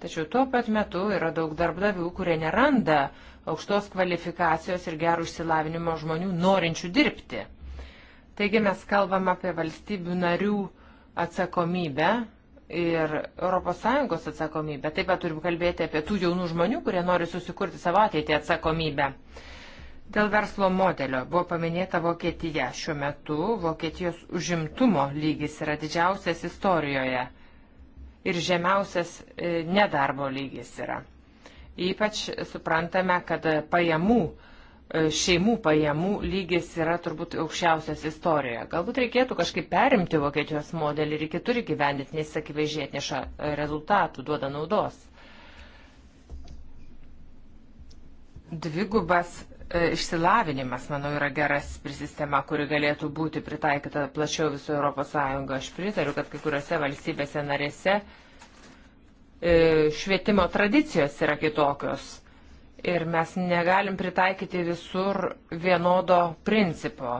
Tačiau tuo pat metu yra daug darbdavių, kurie neranda aukštos kvalifikacijos ir gerų išsilavinimo žmonių norinčių dirbti. Taigi mes kalbam apie valstybių narių atsakomybę ir ES atsakomybę. Taip pat turim kalbėti apie tų jaunų žmonių, kurie nori susikurti savo ateitį atsakomybę. Dėl verslo modelio buvo paminėta Vokietija. Šiuo metu Vokietijos užimtumo lygis yra didžiausias istorijoje ir žemiausias e, nedarbo lygis yra. Ypač suprantame, kad pajamų, e, šeimų pajamų lygis yra turbūt aukščiausias istorijoje. Galbūt reikėtų kažkaip perimti Vokietijos modelį ir kitur gyvendyti, nes akivaizdžiai atneša e, rezultatų, duoda naudos. Dvigubas e, išsilavinimas, manau, yra geras sistema, kuri galėtų būti pritaikyta plačiau viso Europos Sąjungo. Aš pritariu, kad kai kuriuose valstybėse narėse E, švietimo tradicijos yra kitokios ir mes negalim pritaikyti visur vienodo principo.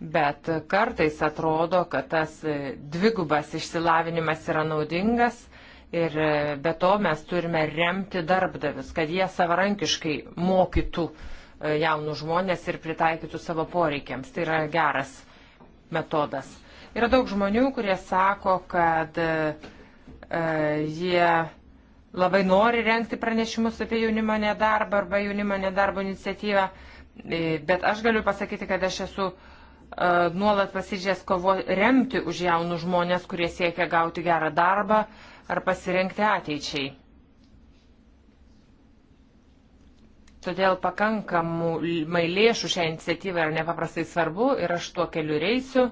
Bet kartais atrodo, kad tas e, dvigubas išsilavinimas yra naudingas ir e, be to mes turime remti darbdavius, kad jie savarankiškai mokytų jaunų žmonės ir pritaikytų savo poreikiams. Tai yra geras metodas. Yra daug žmonių, kurie sako, kad uh, E, jie labai nori renkti pranešimus apie jaunimo nedarbą arba jaunimo nedarbo iniciatyvą, e, bet aš galiu pasakyti, kad aš esu e, nuolat pasižės kovo remti už jaunus žmonės, kurie siekia gauti gerą darbą ar pasirinkti ateičiai. Todėl pakankamai lėšų šią iniciatyvą yra nepaprastai svarbu ir aš tuo keliu reisiu.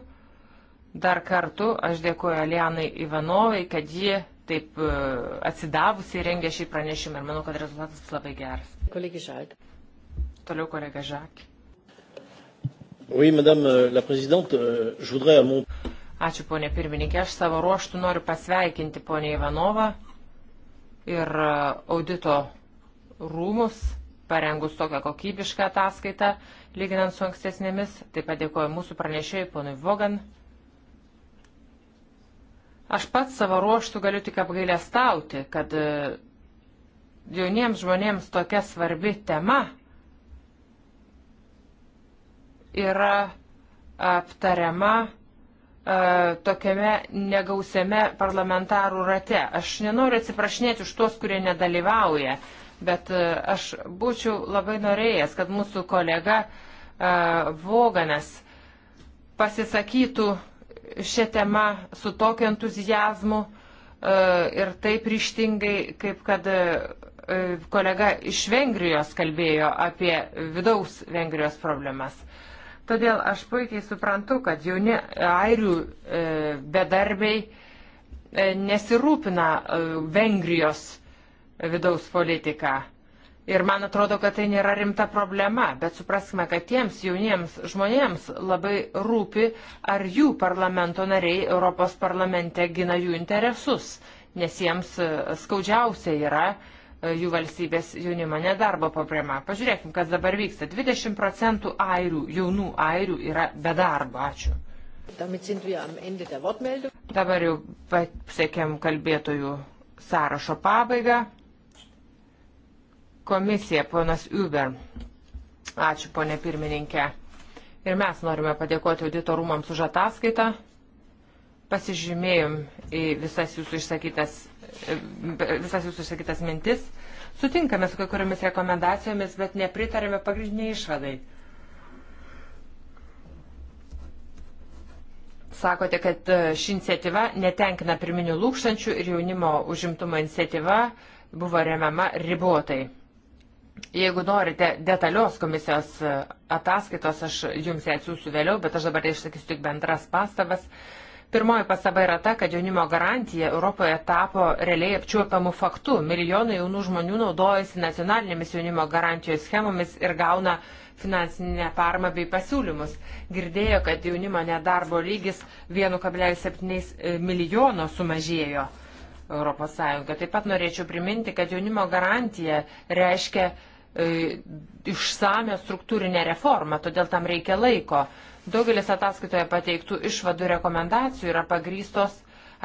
Dar kartu aš dėkuoju Alianai Ivanovai, kad ji taip e, atsidavusiai rengė šį pranešimą ir manau, kad rezultatas bus labai geras. Kolegi Žalk. Toliau kolega Žakė.
Oui, madame la présidente, euh, je voudrais à mon...
Ačiū, ponė pirmininkė. Aš savo ruoštų noriu pasveikinti ponė Ivanovą ir e, audito rūmus, parengus tokią kokybišką ataskaitą, lyginant su ankstesnėmis. Taip pat dėkoju mūsų pranešėjai, ponui Vogan Aš pats savo ruoštų galiu tik apgailę stauti, kad e, jauniems žmonėms tokia svarbi tema yra aptariama e, tokiame negausiame parlamentarų rate. Aš nenoriu atsiprašinėti už tuos, kurie nedalyvauja, bet e, aš būčiau labai norėjęs, kad mūsų kolega Voganas pasisakytų šią temą su tokiu entuzijazmu e, ir taip ryštingai, kaip kad e, kolega iš Vengrijos kalbėjo apie vidaus Vengrijos problemas. Todėl aš puikiai suprantu, kad jauni airių e, bedarbiai nesirūpina Vengrijos vidaus politiką. Ir man atrodo, kad tai nėra rimta problema, bet supraskime, kad tiems jauniems žmonėms labai rūpi, ar jų parlamento nariai Europos parlamente gina jų interesus, nes jiems e, skaudžiausia yra e, jų valstybės jaunimo nedarbo problema. Pažiūrėkime, kas dabar vyksta. 20 procentų airių, jaunų airių yra be darbo. Ačiū. Dabar jau pasiekėm kalbėtojų sąrašo pabaigą. Komisija, ponas Uber. Ačiū, ponė pirmininkė. Ir mes norime padėkoti auditorumams už ataskaitą. Pasižymėjom į visas jūsų išsakytas, visas jūsų išsakytas mintis. Sutinkame su kai kuriomis rekomendacijomis, bet nepritarėme pagrindiniai išvadai. Sakote, kad e, ši iniciatyva netenkina pirminių lūkšančių ir jaunimo užimtumo iniciatyva buvo remiama ribotai. Jeigu norite detalios komisijos e, ataskaitos, aš jums ją atsiųsiu vėliau, bet aš dabar išsakysiu tik bendras pastabas. Pirmoji pastaba yra ta, kad jaunimo garantija Europoje tapo realiai apčiuopiamų faktų. Milijonai jaunų žmonių naudojasi nacionalinėmis jaunimo garantijos schemomis ir gauna finansinę paramą bei pasiūlymus. Girdėjo, kad jaunimo nedarbo lygis 1,7 e, milijono sumažėjo. ES. Taip pat norėčiau priminti, kad jaunimo garantija reiškia e, išsame struktūrinę reformą, todėl tam reikia laiko. Daugelis ataskaitoje pateiktų išvadų rekomendacijų yra pagrystos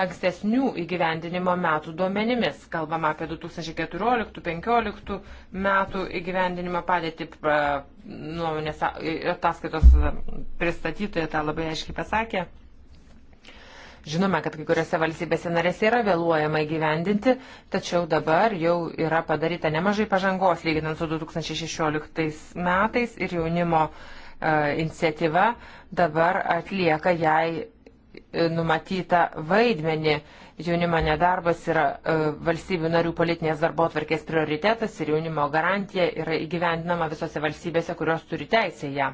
ankstesnių įgyvendinimo metų duomenimis. Kalbama apie 2014-2015 metų įgyvendinimo padėtį nuomonės ataskaitos pristatytoje tą labai aiškiai pasakė. Žinome, kad kai kuriuose valstybėse narėse yra vėluojama įgyvendinti, tačiau dabar jau yra padaryta nemažai pažangos lyginant su 2016 metais ir jaunimo e, iniciatyva dabar atlieka jai e, numatytą vaidmenį. Jaunimo nedarbas yra e, valstybių narių politinės darbo atvarkės prioritetas ir jaunimo garantija yra įgyvendinama visose valstybėse, kurios turi teisę ją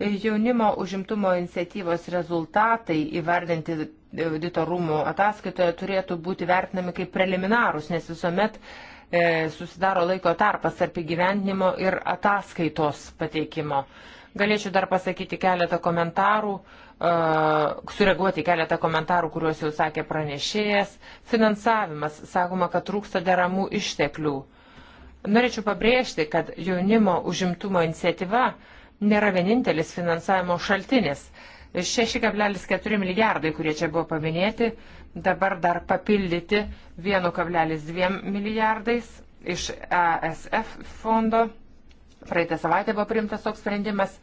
jaunimo užimtumo iniciatyvos rezultatai įvardinti auditorumų ataskaitoje turėtų būti vertinami kaip preliminarūs, nes visuomet e, susidaro laiko tarpas tarp įgyvendinimo ir ataskaitos pateikimo. Galėčiau dar pasakyti keletą komentarų, e, sureaguoti keletą komentarų, kuriuos jau sakė pranešėjas. Finansavimas, sakoma, kad trūksta deramų išteklių. Norėčiau pabrėžti, kad jaunimo užimtumo iniciatyva nėra vienintelis finansavimo šaltinis. E, 6,4 milijardai, kurie čia buvo paminėti, dabar dar papildyti 1,2 milijardais iš ASF fondo. Praeitą savaitę buvo priimtas toks sprendimas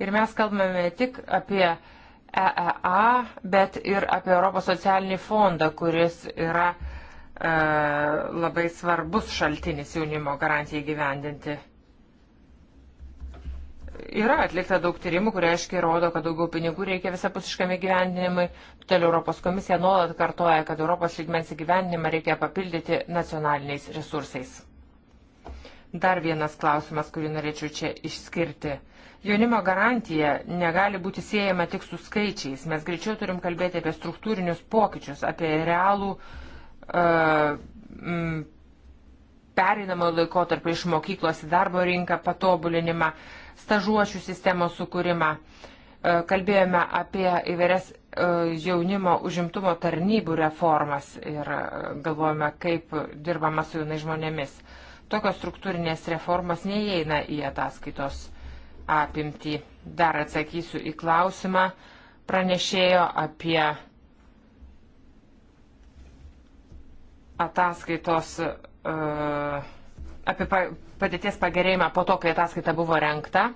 ir mes kalbame ne tik apie EEA, bet ir apie Europos socialinį fondą, kuris yra e, labai svarbus šaltinis jaunimo garantijai gyvendinti yra atlikta daug tyrimų, kurie aiškiai rodo, kad daugiau pinigų reikia visapusiškam įgyvendinimui. Todėl Europos komisija nuolat kartoja, kad Europos lygmens įgyvendinimą reikia papildyti nacionaliniais resursais. Dar vienas klausimas, kurį norėčiau čia išskirti. Jaunimo garantija negali būti siejama tik su skaičiais. Mes greičiau turim kalbėti apie struktūrinius pokyčius, apie realų uh, m, pereinamo laikotarpio iš mokyklos į darbo rinką patobulinimą. Uh, stažuočių sistemos sukūrimą. E, kalbėjome apie įvairias e, jaunimo užimtumo tarnybų reformas ir e, galvojame, kaip dirbama su jaunai žmonėmis. Tokios struktūrinės reformos neįeina į ataskaitos apimtį. Dar atsakysiu į klausimą pranešėjo apie ataskaitos, apie padėties pagerėjimą po to, kai ataskaita buvo renkta.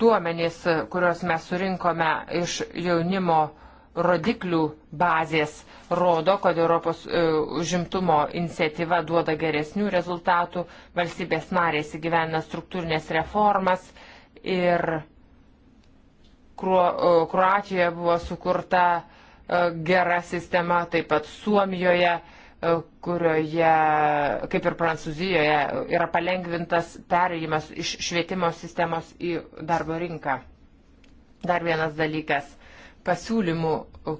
Duomenys, kuriuos mes surinkome iš jaunimo rodiklių bazės, rodo, kad Europos e, užimtumo iniciatyva duoda geresnių rezultatų, valstybės narės įgyvena struktūrinės reformas ir e, Kroatijoje buvo sukurta e, gera sistema, taip pat Suomijoje kurioje, kaip ir Prancūzijoje, yra palengvintas perėjimas iš švietimo sistemos į darbo rinką. Dar vienas dalykas - pasiūlymų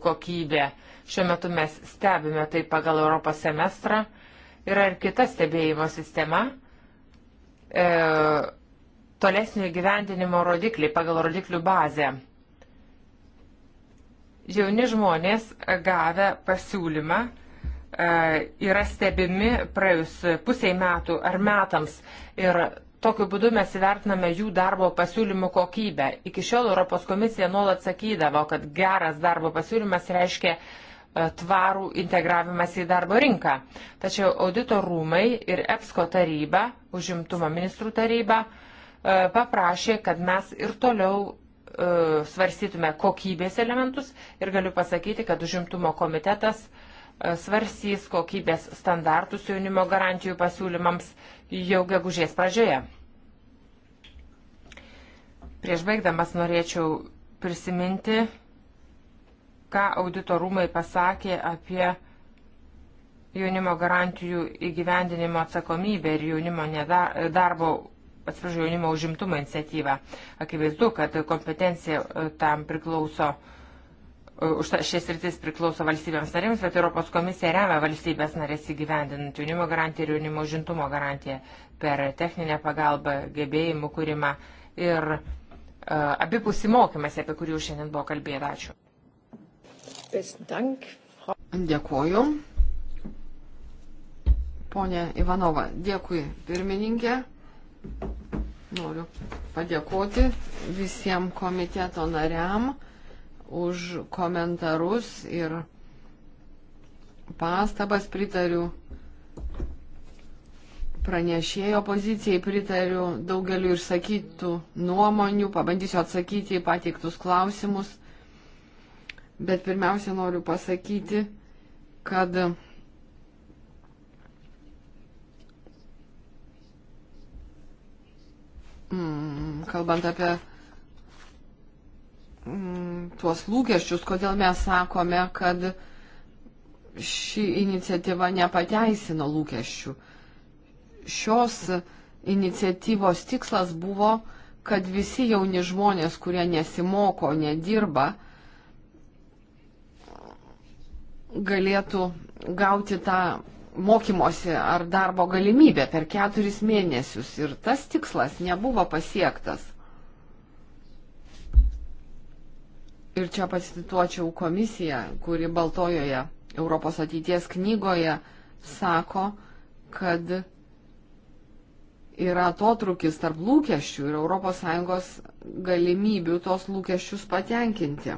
kokybė. Šiuo metu mes stebime tai pagal Europos semestrą. Yra ir kita stebėjimo sistema. E, tolesnio gyvendinimo rodikliai pagal rodiklių bazę. Jauni žmonės gavę pasiūlymą E, yra stebimi praėjus pusiai metų ar metams ir tokiu būdu mes įvertiname jų darbo pasiūlymų kokybę. Iki šiol Europos komisija nuolat sakydavo, kad geras darbo pasiūlymas reiškia e, tvarų integravimas į darbo rinką. Tačiau audito rūmai ir EPSCO taryba, užimtumo ministrų taryba, e, paprašė, kad mes ir toliau svarstytume kokybės elementus ir galiu pasakyti, kad užimtumo komitetas uh, E, svarsys kokybės standartus jaunimo garantijų pasiūlymams jau gegužės pradžioje. Prieš baigdamas norėčiau prisiminti, ką auditorumai pasakė apie jaunimo garantijų įgyvendinimo atsakomybę ir jaunimo nedarbo, atsiprašau, jaunimo užimtumo iniciatyvą. Akivaizdu, kad kompetencija e, tam priklauso uh, E, už šias rytis priklauso valstybėms narėms, bet Europos komisija remia valstybės narės įgyvendinant jaunimo garantiją ir jaunimo žintumo garantiją per techninę pagalbą, gebėjimų kūrimą ir uh, e, abipusį mokymąsi, apie kurį šiandien buvo kalbėta. Ačiū.
Dėkuoju. Pone Ivanova, dėkui pirmininkė. Noriu padėkoti visiems komiteto nariam už komentarus ir pastabas pritariu. Pranešėjo pozicijai pritariu daugeliu išsakytų nuomonių, pabandysiu atsakyti į pateiktus klausimus, bet pirmiausia noriu pasakyti, kad mm, kalbant apie mm, tuos lūkesčius, kodėl mes sakome, kad ši iniciatyva nepateisino lūkesčių. Šios iniciatyvos tikslas buvo, kad visi jauni žmonės, kurie nesimoko, nedirba, galėtų gauti tą mokymosi ar darbo galimybę per keturis mėnesius. Ir tas tikslas nebuvo pasiektas. ir čia pasituočiau komisiją, kuri Baltojoje Europos ateities knygoje sako, kad yra atotrukis tarp lūkesčių ir ES galimybių tos lūkesčius patenkinti.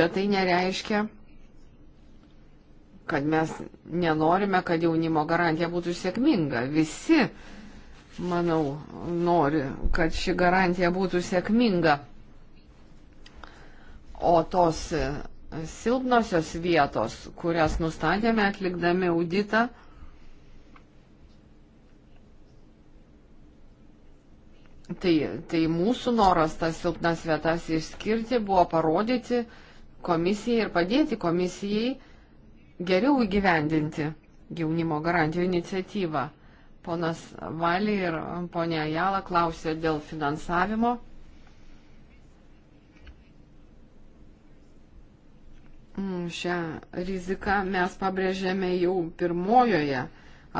Bet tai nereiškia, kad mes nenorime, kad jaunimo garantija būtų sėkminga. Visi manau, nori, kad ši garantija būtų sėkminga. O tos e, silpnosios vietos, kurias nustatėme atlikdami auditą, tai, tai mūsų noras tas silpnas vietas išskirti buvo parodyti komisijai ir padėti komisijai geriau įgyvendinti jaunimo garantijų iniciatyvą. Ponas Valį ir ponė Jala klausė dėl finansavimo. Mm, šią riziką mes pabrėžėme jau pirmojoje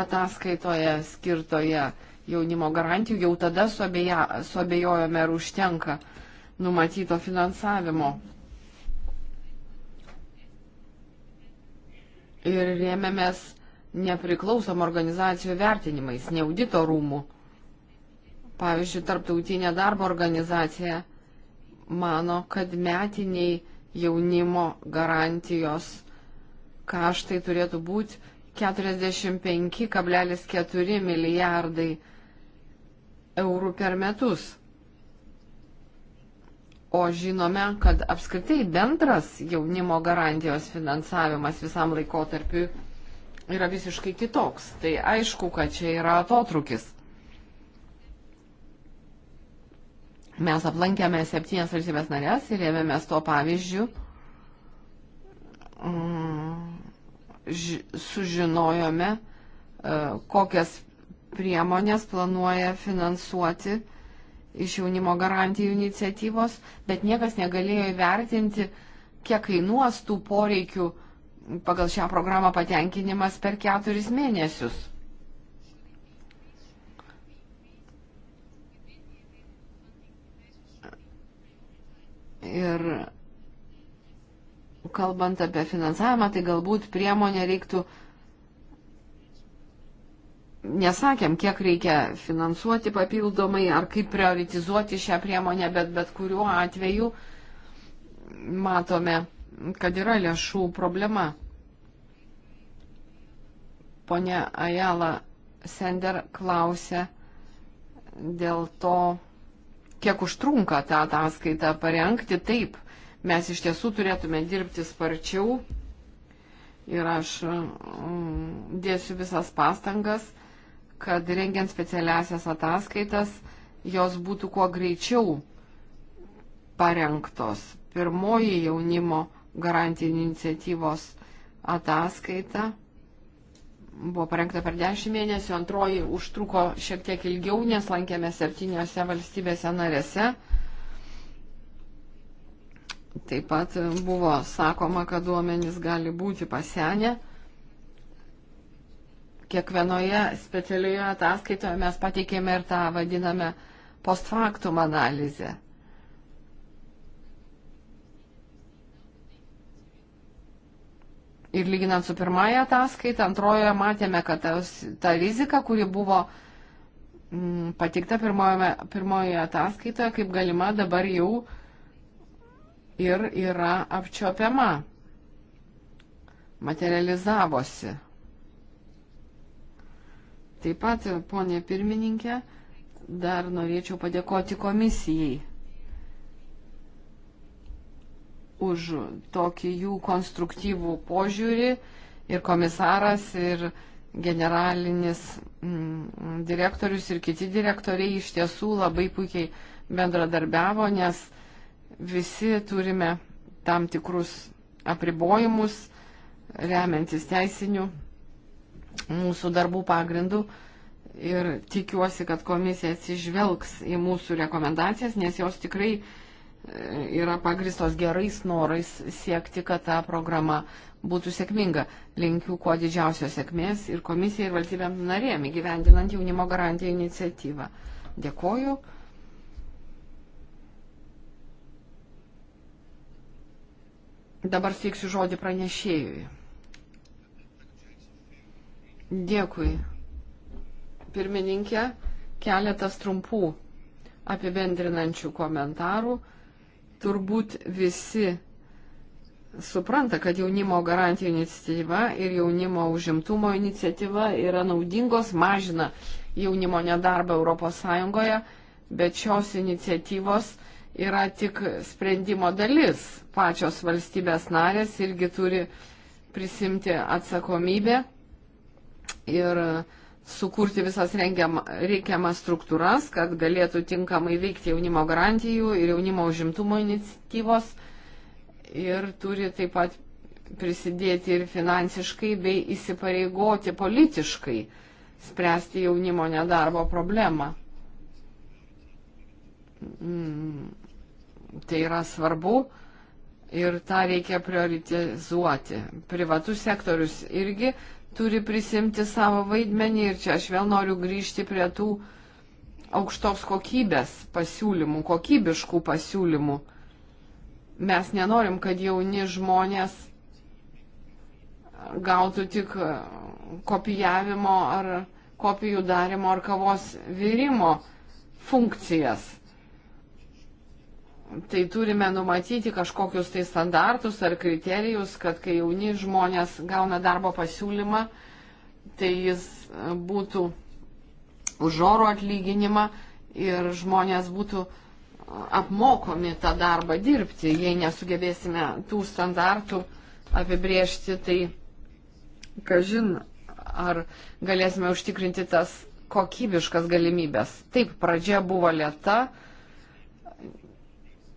ataskaitoje skirtoje jaunimo garantijų. Jau tada suabejojome, ar užtenka numatyto finansavimo. Ir rėmėmės nepriklausomų organizacijų vertinimais, ne audito rūmų. Pavyzdžiui, Tarptautinė darbo organizacija mano, kad metiniai jaunimo garantijos kaštai turėtų būti 45,4 milijardai eurų per metus. O žinome, kad apskritai bendras jaunimo garantijos finansavimas visam laikotarpiu yra visiškai kitoks. Tai aišku, kad čia yra atotrukis. Mes aplankėme septynės valstybės narės ir ėmėmės to pavyzdžių. Mm, sužinojome, e, kokias priemonės planuoja finansuoti iš jaunimo garantijų iniciatyvos, bet niekas negalėjo įvertinti, kiek kainuos tų poreikių uh, pagal šią programą patenkinimas per keturis mėnesius. Ir kalbant apie finansavimą, tai galbūt priemonė reiktų, nesakėm, kiek reikia finansuoti papildomai ar kaip prioritizuoti šią priemonę, bet bet kuriuo atveju matome, kad yra lėšų problema. Pone Ajala Sender klausė dėl to, kiek užtrunka tą ataskaitą parengti. Taip, mes iš tiesų turėtume dirbti sparčiau ir aš mm, dėsiu visas pastangas, kad rengiant specialiasias ataskaitas jos būtų kuo greičiau parengtos. Pirmoji jaunimo garantijų iniciatyvos ataskaita. Buvo parengta per 10 mėnesių, antroji užtruko šiek tiek ilgiau, nes lankėme septyniose valstybėse narėse. Taip pat buvo sakoma, kad duomenys gali būti pasenę. Kiekvienoje specialioje ataskaitoje mes pateikėme ir tą vadinamą post factum analizę. ir lyginant su pirmąją ataskaitą, antrojoje matėme, kad tas, ta rizika, kuri buvo m, mm, patikta pirmojoje, pirmojoje ataskaitoje, kaip galima dabar jau ir yra apčiopiama, materializavosi. Taip pat, ponė pirmininkė, dar norėčiau padėkoti komisijai už tokį jų konstruktyvų požiūrį ir komisaras, ir generalinis mm, direktorius, ir kiti direktoriai iš tiesų labai puikiai bendradarbiavo, nes visi turime tam tikrus apribojimus, remiantis teisinių mūsų darbų pagrindų. Ir tikiuosi, kad komisija atsižvelgs į mūsų rekomendacijas, nes jos tikrai uh, yra pagristos gerais norais siekti, kad ta programa būtų sėkminga. Linkiu kuo didžiausios sėkmės ir komisijai ir valstybėm narėm įgyvendinant jaunimo garantiją iniciatyvą. Dėkoju. Dabar steiksiu žodį pranešėjui. Dėkui. Pirmininkė, keletas trumpų apibendrinančių komentarų turbūt visi supranta, kad jaunimo garantijų iniciatyva ir jaunimo užimtumo iniciatyva yra naudingos, mažina jaunimo nedarbą ES, bet šios iniciatyvos yra tik sprendimo dalis. Pačios valstybės narės irgi turi prisimti atsakomybę ir uh, sukurti visas rengiam, reikiamas struktūras, kad galėtų tinkamai veikti jaunimo garantijų ir jaunimo užimtumo iniciatyvos ir turi taip pat prisidėti ir finansiškai bei įsipareigoti politiškai spręsti jaunimo nedarbo problemą. Mm, tai yra svarbu ir tą reikia prioritizuoti. Privatus sektorius irgi turi prisimti savo vaidmenį ir čia aš vėl noriu grįžti prie tų aukštos kokybės pasiūlymų, kokybiškų pasiūlymų. Mes nenorim, kad jauni žmonės gautų tik kopijavimo ar kopijų darimo ar kavos virimo funkcijas tai turime numatyti kažkokius tai standartus ar kriterijus, kad kai jauni žmonės gauna darbo pasiūlymą, tai jis e, būtų už oro atlyginimą ir žmonės būtų e, apmokomi tą darbą dirbti. Jei nesugebėsime tų standartų apibriežti, tai kažin, ar galėsime užtikrinti tas kokybiškas galimybės. Taip, pradžia buvo lėta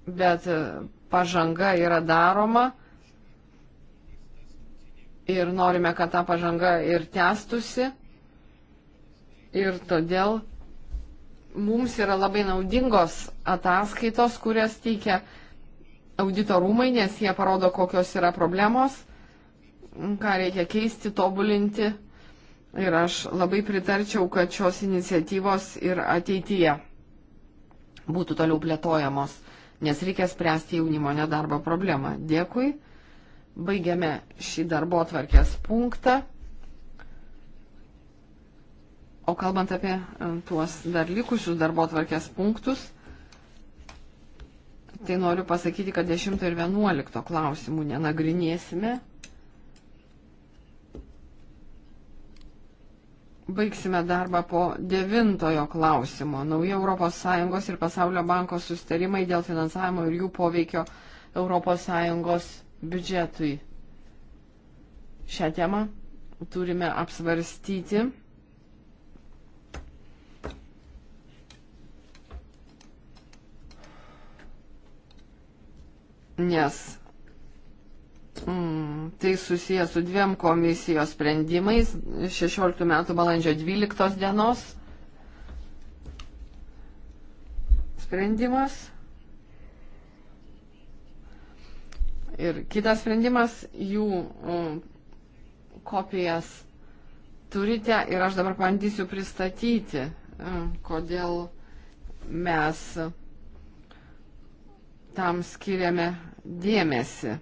bet e, pažanga yra daroma ir norime, kad ta pažanga ir tęstusi. Ir todėl mums yra labai naudingos ataskaitos, kurias teikia auditorumai, nes jie parodo, kokios yra problemos, ką reikia keisti, tobulinti. Ir aš labai pritarčiau, kad šios iniciatyvos ir ateityje būtų toliau plėtojamos nes reikia spręsti jaunimo nedarbo problemą. Dėkui. Baigiame šį darbo atvarkės punktą. O kalbant apie e, tuos dar likusius darbo atvarkės punktus, tai noriu pasakyti, kad 10 ir 11 klausimų nenagrinėsime. Baigsime darbą po devintojo klausimo. Nauja ES ir Pasaulio banko sustarimai dėl finansavimo ir jų poveikio ES biudžetui. Šią temą turime apsvarstyti. Nes Mm, tai susijęs su dviem komisijos sprendimais 16 metų balandžio 12 dienos. Sprendimas. Ir kitas sprendimas, jų mm, kopijas turite ir aš dabar bandysiu pristatyti, mm, kodėl mes tam skiriame dėmesį.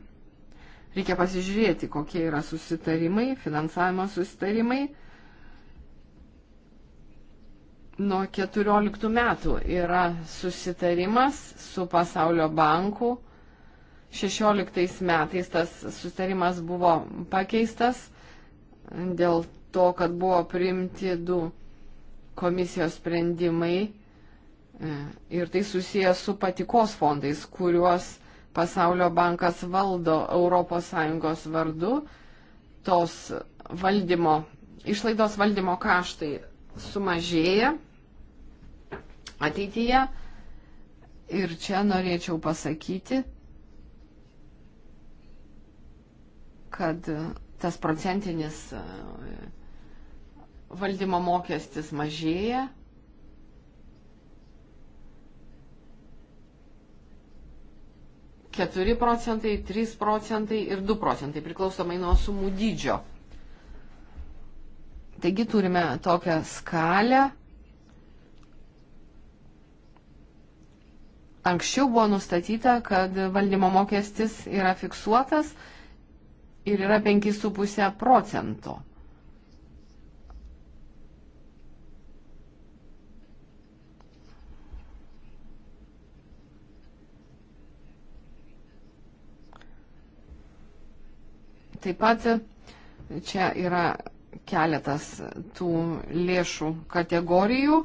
Reikia pasižiūrėti, kokie yra susitarimai, finansavimo susitarimai nuo 14 metų yra susitarimas su Pasaulio banku. 16 metais tas susitarimas buvo pakeistas dėl to, kad buvo priimti du komisijos sprendimai e, ir tai susijęs su patikos fondais, kuriuos Pasaulio bankas valdo ES vardu, tos valdymo, išlaidos valdymo kaštai sumažėja ateityje. Ir čia norėčiau pasakyti, kad tas procentinis e, valdymo mokestis mažėja 4 procentai, 3 procentai ir 2 procentai, priklausomai nuo sumų dydžio. Taigi turime tokią skalę. Anksčiau buvo nustatyta, kad valdymo mokestis yra fiksuotas ir yra 5,5 procento. Taip pat čia yra keletas tų lėšų kategorijų.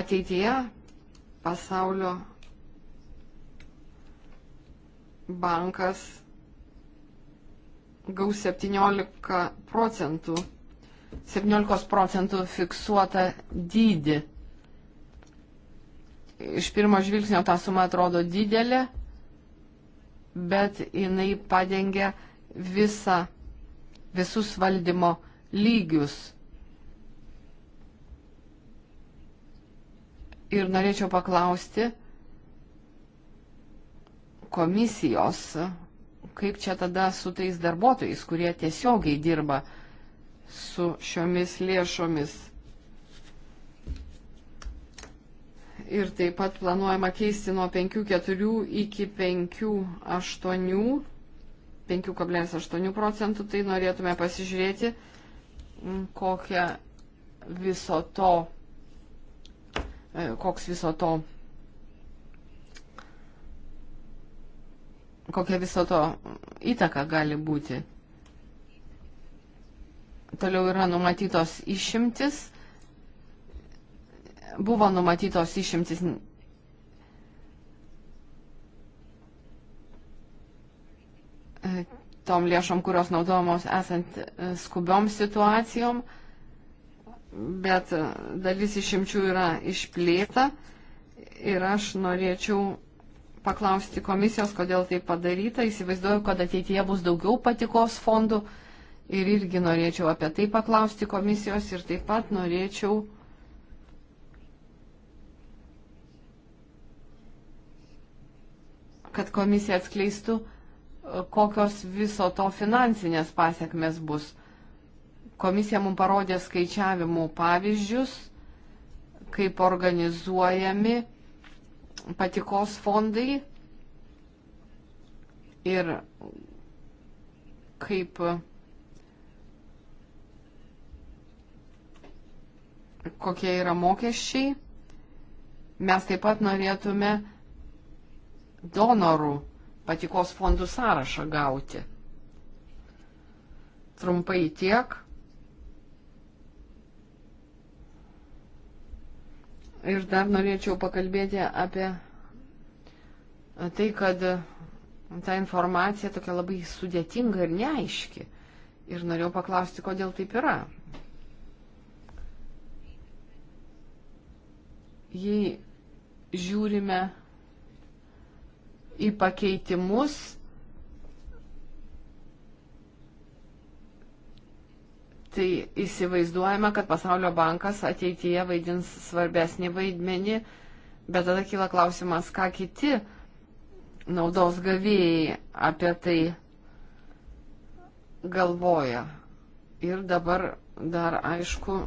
Ateityje pasaulio bankas gaus 17 procentų, 17 procentų fiksuotą dydį iš pirmo žvilgsnio ta suma atrodo didelė, bet jinai padengia visą, visus valdymo lygius. Ir norėčiau paklausti komisijos, kaip čia tada su tais darbuotojais, kurie tiesiogiai dirba su šiomis lėšomis ir taip pat planuojama keisti nuo 5,4 iki 5,8, 5,8 procentų, tai norėtume pasižiūrėti, mm, kokia viso to, e, koks viso to, kokia viso to įtaka gali būti. Toliau yra numatytos išimtis buvo numatytos išimtis. E, tom lėšom, kurios naudojamos esant e, skubiom situacijom, bet e, dalis išimčių yra išplėta ir aš norėčiau paklausti komisijos, kodėl tai padaryta. Įsivaizduoju, kad ateityje bus daugiau patikos fondų ir irgi norėčiau apie tai paklausti komisijos ir taip pat norėčiau kad komisija atskleistų, e, kokios viso to finansinės pasiekmes bus. Komisija mums parodė skaičiavimų pavyzdžius, kaip organizuojami patikos fondai ir kaip kokie yra mokesčiai. Mes taip pat norėtume donorų patikos fondų sąrašą gauti. Trumpai tiek. Ir dar norėčiau pakalbėti apie tai, kad ta informacija tokia labai sudėtinga ir neaiški. Ir norėjau paklausti, kodėl taip yra. Jei žiūrime į pakeitimus. Tai įsivaizduojame, kad Pasaulio bankas ateityje vaidins svarbesnį vaidmenį, bet tada kyla klausimas, ką kiti naudos gavėjai apie tai galvoja. Ir dabar dar aišku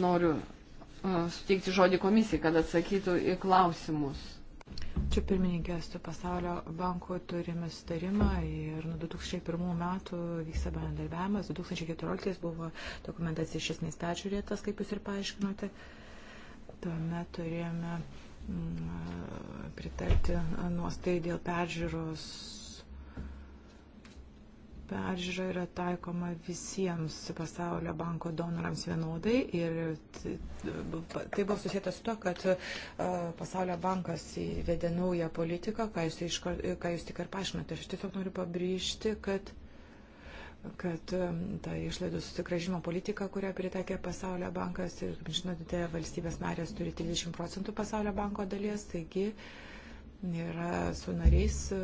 noriu suteikti žodį komisijai, kad atsakytų į klausimus.
Čia pirmininkės su pasaulio banku turime sutarimą ir nuo 2001 metų vyksta bendradarbiavimas. 2014 buvo dokumentas iš esmės peržiūrėtas, kaip jūs ir paaiškinote. Tuomet turėjome mm, pritarti nuostai dėl peržiūros peržiūra yra taikoma visiems pasaulio banko donorams vienodai ir tai buvo susijęta su to, kad e, pasaulio bankas įvedė naują politiką, ką jūs, iškar, ką jūs tik ir paaiškinote. Aš tiesiog noriu pabrėžti, kad kad e, ta išlaidų susigražimo politika, kurią pritaikė pasaulio bankas ir, žinote, valstybės narės turi 30 procentų pasaulio banko dalies, taigi yra su nariais e,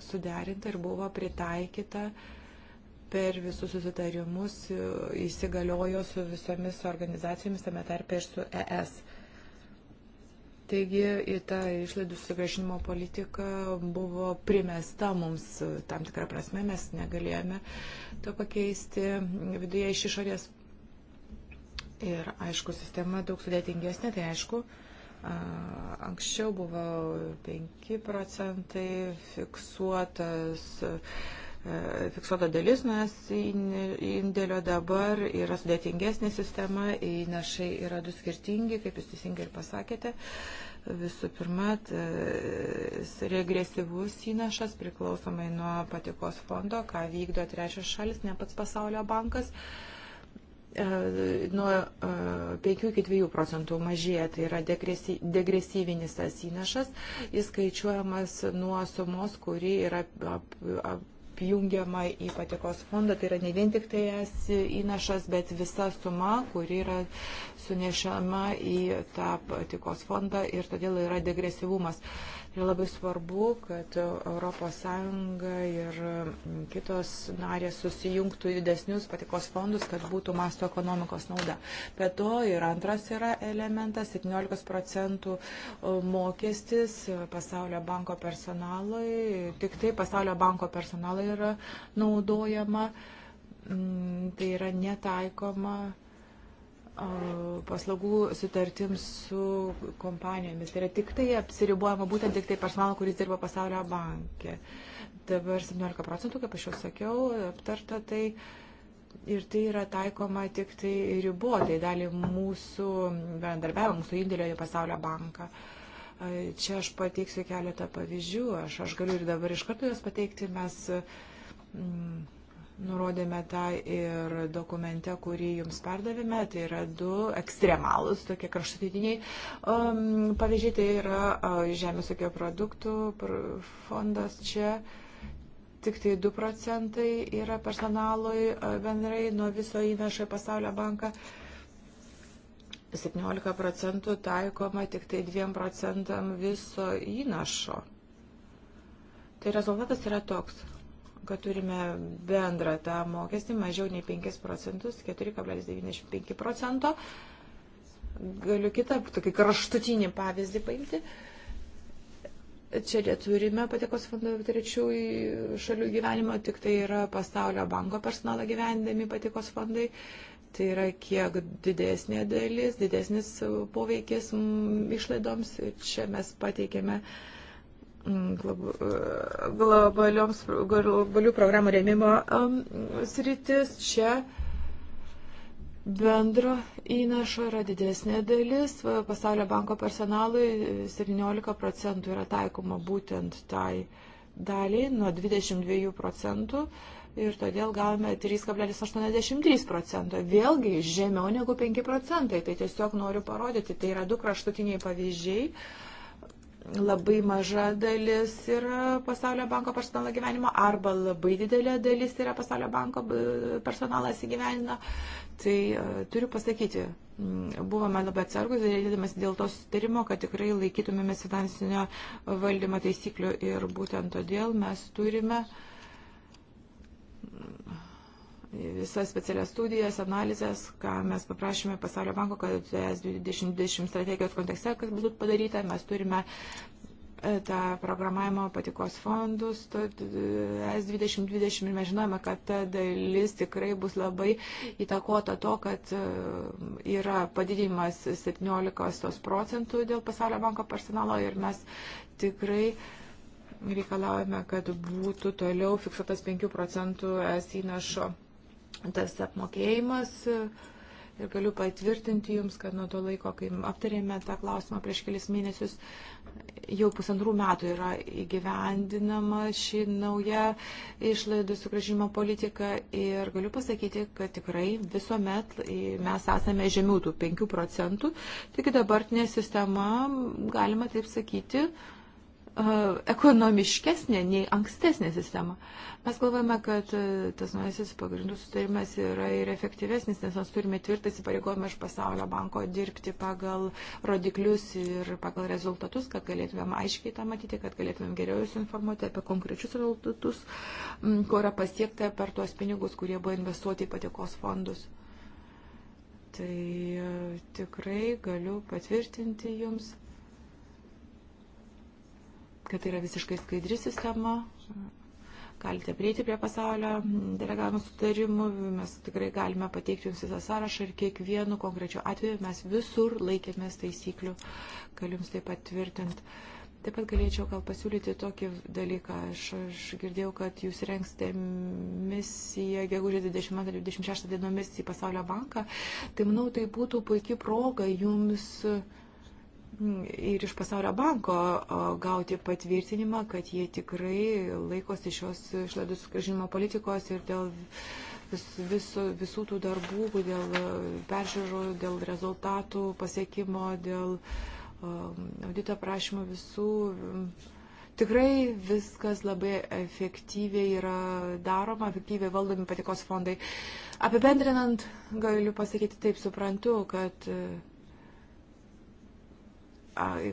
suderinta ir buvo pritaikyta per visus susitarimus, e, įsigaliojo su visomis organizacijomis, tame tarpe ir su ES. Taigi į tą išlaidų sugražinimo politiką buvo primesta mums tam tikrą prasme, mes negalėjome to pakeisti viduje iš išorės. Ir aišku, sistema daug sudėtingesnė, tai aišku, uh, Anksčiau buvo 5 procentai fiksuotas fiksuota dalis mes indėlio dabar yra sudėtingesnė sistema, įnašai yra du skirtingi, kaip jūs teisingai ir pasakėte. Visų pirma, regresyvus įnašas priklausomai nuo patikos fondo, ką vykdo trečias šalis, ne pats pasaulio bankas. Uh, E, nuo 5 e, iki 2 procentų mažėja, tai yra degresyvinis tas įnašas, jis skaičiuojamas nuo sumos, kuri yra apjungiama į patikos fondą, tai yra ne vien tik tai es įnašas, bet visa suma, kuri yra sunešama į tą patikos fondą ir todėl yra degresyvumas. Yra labai svarbu, kad ES ir kitos narės susijungtų į didesnius patikos fondus, kad būtų masto ekonomikos nauda. Be to ir antras yra elementas - 17 procentų mokestis pasaulio banko personalui. Tik tai pasaulio banko personalai yra naudojama. Mm, tai yra netaikoma paslaugų sutartims su kompanijomis. Tai yra tik tai apsiribuojama būtent tik tai personalo, kuris dirba pasaulio bankė. Dabar 17 procentų, kaip aš jau sakiau, aptarta tai. Ir tai yra taikoma tik tai ribotai dalį mūsų bendarbiavimo, mūsų indėlio į pasaulio banką. Čia aš pateiksiu keletą pavyzdžių, aš, aš galiu ir dabar iš karto juos pateikti, mes. Mm, Nurodėme tą ir dokumente, kurį jums perdavėme, tai yra du ekstremalus, tokie kraštutiniai um, pavyzdžiai, tai yra uh, žemės ūkio produktų fondas čia. Tik tai 2 procentai yra personalui bendrai nuo viso įnašo į pasaulio banką. 17 procentų taikoma tik tai 2 procentam viso įnašo. Tai rezultatas yra toks kad turime bendrą tą mokestį mažiau nei 5 procentus, 4,95 procento. Galiu kitą, tokį kraštutinį pavyzdį paimti. Čia neturime patikos fondo trečiųjų šalių gyvenimo, tik tai yra pasaulio banko personalą gyvendami patikos fondai. Tai yra kiek didesnė dalis, didesnis poveikis išlaidoms. Čia mes pateikėme uh, Mm, e, globalių programų rėmimo sritis. Čia bendro įnašo yra didesnė dalis. Pasaulio banko personalui 17 procentų yra taikoma būtent tai daliai nuo 22 procentų ir todėl gavome 3,83 procento. Vėlgi žemiau negu 5 procentai. Tai tiesiog noriu parodyti, tai yra du kraštutiniai pavyzdžiai. Uh, labai maža dalis yra pasaulio banko personalo gyvenimo arba labai didelė dalis yra pasaulio banko personalas įgyvenina. Tai e, turiu pasakyti, buvome labai atsargus, dėdamas dėl to sutarimo, kad tikrai laikytumėmės finansinio valdymo taisyklių ir būtent todėl mes turime visas specialias studijas, analizės, ką mes paprašėme Pasaulio banko, kad ES 2020 strategijos kontekste, kas būtų padaryta, mes turime e, tą programavimo patikos fondus, ES 2020 ir mes žinome, kad ta dalis tikrai bus labai įtakota to, kad e, yra padidinimas 17 procentų dėl Pasaulio banko personalo ir mes tikrai reikalavome, kad būtų toliau fiksuotas 5 procentų es įnašo tas apmokėjimas. Ir galiu patvirtinti Jums, kad nuo to laiko, kai aptarėme tą klausimą prieš kelis mėnesius, jau pusantrų metų yra įgyvendinama ši nauja išlaidų sugražimo politika. Ir galiu pasakyti, kad tikrai visuomet mes esame žemiau tų 5 procentų. Tik dabartinė sistema, galima taip sakyti, uh, ekonomiškesnė nei ankstesnė sistema. Mes galvojame, kad e, tas naujasis pagrindų sutarimas yra ir efektyvesnis, nes mes turime tvirtą įsipareigojimą iš pasaulio banko dirbti pagal rodiklius ir pagal rezultatus, kad galėtumėm aiškiai tą matyti, kad galėtumėm geriau jūs informuoti apie konkrečius rezultatus, ko yra pasiekta per tuos pinigus, kurie buvo investuoti į patikos fondus. Tai e, tikrai galiu patvirtinti jums kad tai yra visiškai skaidri sistema. Galite prieiti prie pasaulio delegavimo sutarimų, mes tikrai galime pateikti jums visą sąrašą ir kiekvienu konkrečiu atveju mes visur laikėmės taisyklių, galiu jums tai patvirtinti. Taip pat galėčiau gal pasiūlyti tokį dalyką. Aš, aš girdėjau, kad jūs rengsite misiją gegužė 22-26 dienomis į Pasaulio banką. Tai manau, tai būtų puikia proga jums uh, ir iš pasaulio banko gauti patvirtinimą, kad jie tikrai laikosi šios išlaidų sugražinimo politikos ir dėl vis, vis, visų tų darbų, dėl peržiūrų, dėl rezultatų pasiekimo, dėl audito prašymo visų. Tikrai viskas labai efektyviai yra daroma, efektyviai valdomi patikos fondai. Apibendrinant, galiu pasakyti taip, suprantu, kad uh,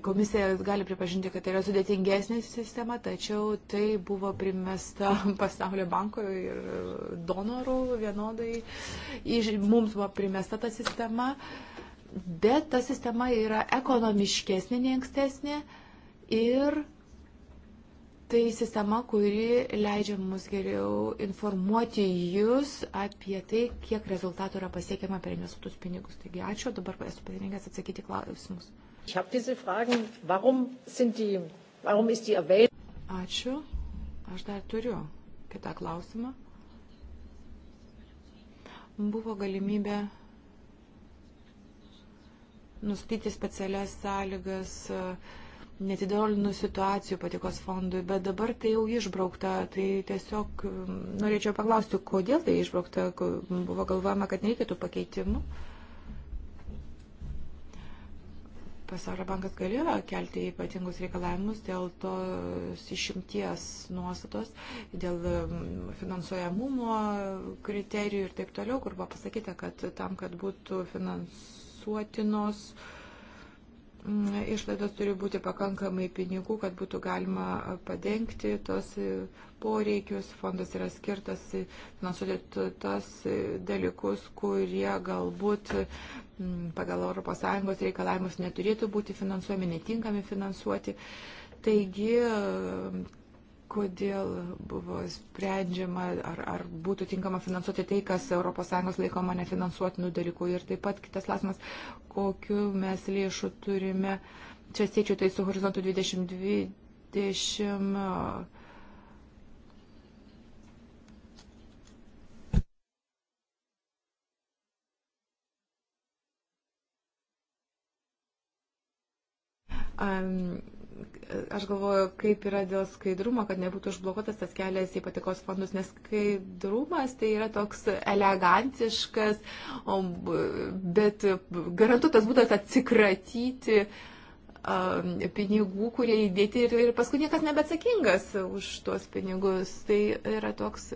Komisija gali pripažinti, kad tai yra sudėtingesnė sistema, tačiau tai buvo primesta pasaulio banko ir donorų vienodai. Iš, mums buvo primesta ta sistema, bet ta sistema yra ekonomiškesnė nei ankstesnė ir tai sistema, kuri leidžia mus geriau informuoti jūs apie tai, kiek rezultatų yra pasiekiama per investuotus pinigus. Taigi ačiū, dabar esu pasirinkęs atsakyti klausimus. Ich habe diese Fragen, warum, sind die, warum ist die Erwähnung? Ačiū. Aš dar turiu kitą klausimą. Buvo galimybė nustatyti specialias sąlygas netidėlinių situacijų patikos fondui, bet dabar tai jau išbraukta. Tai tiesiog norėčiau paklausti, kodėl tai išbraukta, buvo galvojama, kad nereikėtų pakeitimų. Nu? Pasaulio bankas galėjo kelti ypatingus reikalavimus dėl tos išimties nuostatos, dėl um, finansuojamumo kriterijų ir taip toliau, kur buvo pasakyta, kad tam, kad būtų finansuotinos išlaidos turi būti pakankamai pinigų, kad būtų galima padengti tos e, poreikius. Fondas yra skirtas e, finansuoti tos e, dalykus, kurie galbūt pagal ES reikalavimus neturėtų būti finansuojami, netinkami finansuoti. Taigi kodėl buvo sprendžiama, ar, ar būtų tinkama finansuoti tai, kas ES laikoma nefinansuotinų dalykų. Ir taip pat kitas klausimas, kokiu mes lėšų turime. Čia siečiu tai su horizontu 2020. Um, aš galvoju, kaip yra dėl skaidrumo, kad nebūtų užblokuotas tas kelias į patikos fondus, nes skaidrumas tai yra toks elegantiškas, bet garantuotas būdas atsikratyti pinigų, kurie įdėti ir, ir paskui niekas nebeatsakingas už tuos pinigus. Tai yra toks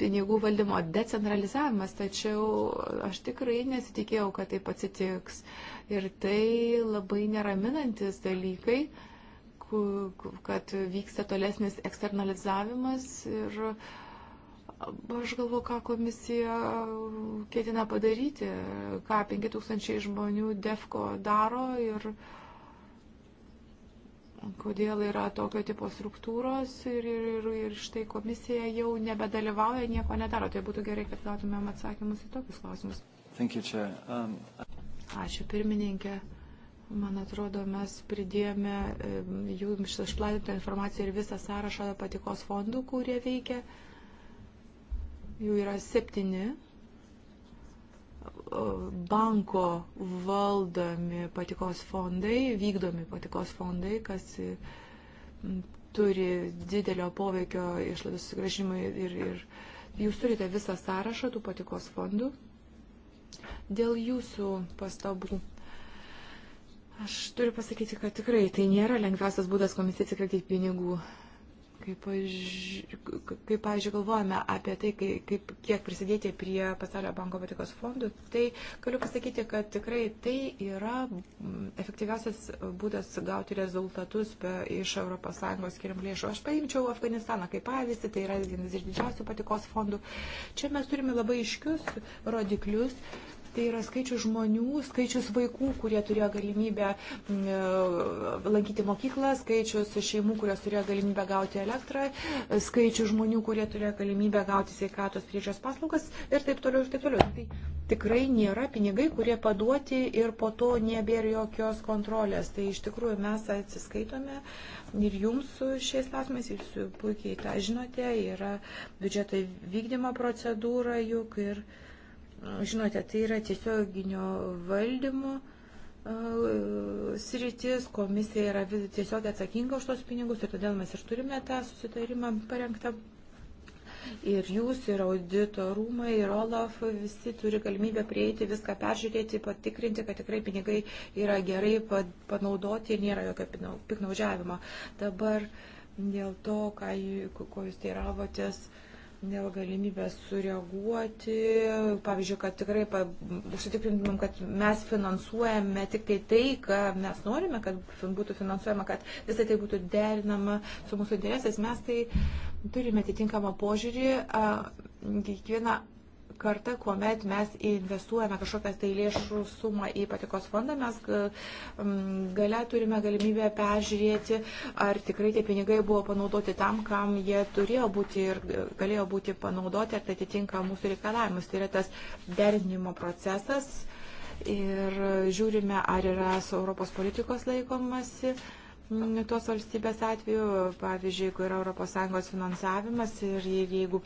pinigų valdymo decentralizavimas, tačiau aš tikrai nesitikėjau, kad taip atsitiks. Ir tai labai neraminantis dalykai, kad vyksta tolesnis eksternalizavimas ir aš galvoju, ką komisija ketina padaryti, ką 5000 žmonių DEFCO daro ir uh, kodėl yra tokio tipo struktūros ir, ir, ir štai komisija jau nebedalyvauja, nieko nedaro. Tai būtų gerai, kad gautumėm atsakymus į tokius
klausimus. You, um...
Ačiū pirmininkė. Man atrodo, mes pridėjome um, jų išplatintą informaciją ir visą sąrašą patikos fondų, kurie veikia. Jų yra septyni banko valdomi patikos fondai, vykdomi patikos fondai, kas turi didelio poveikio išlaidų sugražimui ir, ir jūs turite visą sąrašą tų patikos fondų. Dėl jūsų pastabų Aš turiu pasakyti, kad tikrai tai nėra lengviausias būdas komisijai atsikratyti pinigų. Kaip, kaip pavyzdžiui, galvojame apie tai, kaip, kiek prisidėti prie pasaulio banko patikos fondų, tai galiu pasakyti, kad tikrai tai yra efektyviausias būdas gauti rezultatus iš ES skiriam lėšų. Aš paimčiau Afganistaną kaip pavyzdį, tai yra vienas iš didžiausių patikos fondų. Čia mes turime labai iškius rodiklius Tai yra skaičius žmonių, skaičius vaikų, kurie turėjo galimybę lankyti mokyklą, skaičius šeimų, kurios turėjo galimybę gauti elektrą, skaičius žmonių, kurie turėjo galimybę gauti sveikatos priežios paslaugas ir taip toliau ir taip toliau. Tai tikrai nėra pinigai, kurie paduoti ir po to nebėra jokios kontrolės. Tai iš tikrųjų mes atsiskaitome ir jums šiais klausimais, jūs puikiai tą žinote, yra biudžeto vykdymo procedūra juk ir. Ir Žinote, tai yra tiesioginio valdymo sritis, komisija yra tiesiog atsakinga už tos pinigus ir todėl mes ir turime tą susitarimą parengtą. Ir jūs, ir audito rūmai, ir Olaf, visi turi galimybę prieiti, viską peržiūrėti, patikrinti, kad tikrai pinigai yra gerai panaudoti ir nėra jokio piknaudžiavimo. Dabar dėl to, ką, ko jūs teiravotės. Uh, dėl galimybės sureaguoti, pavyzdžiui, kad tikrai pa, užsitikrintumėm, kad mes finansuojame tik tai tai, ką mes norime, kad būtų finansuojama, kad visai tai būtų derinama su mūsų interesais, mes tai turime atitinkamą požiūrį, kiekvieną kartą, kuomet mes investuojame kažkokią tai lėšų sumą į patikos fondą, mes gale turime galimybę peržiūrėti, ar tikrai tie pinigai buvo panaudoti tam, kam jie turėjo būti ir galėjo būti panaudoti, ar tai atitinka mūsų reikalavimus. Tai yra tas derinimo procesas ir žiūrime, ar yra su Europos politikos laikomasi. Uh, Nu, tuos valstybės atveju, pavyzdžiui, jeigu yra ES finansavimas ir jeigu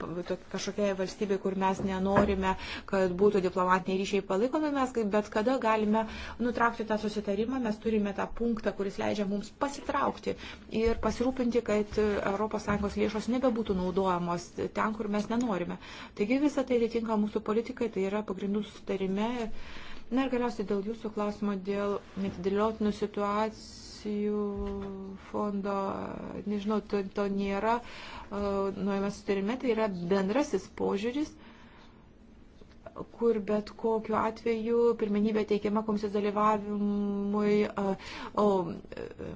kažkokiai valstybei, kur mes nenorime, kad būtų diplomatiniai ryšiai palaikomi, mes bet kada galime nutraukti tą susitarimą, mes turime tą punktą, kuris leidžia mums pasitraukti ir pasirūpinti, kad ES lėšos nebebūtų naudojamos ten, kur mes nenorime. Taigi visą tai atitinka mūsų politikai, tai yra pagrindų sutarime. Na ir galiausiai dėl jūsų klausimo, dėl netidėliotinų situacijų investicijų fondo, nežinau, to, to nėra, e, nuojame sutarime, tai yra bendrasis požiūris kur bet kokiu atveju pirmenybė teikiama komisijos dalyvavimui e, o, e,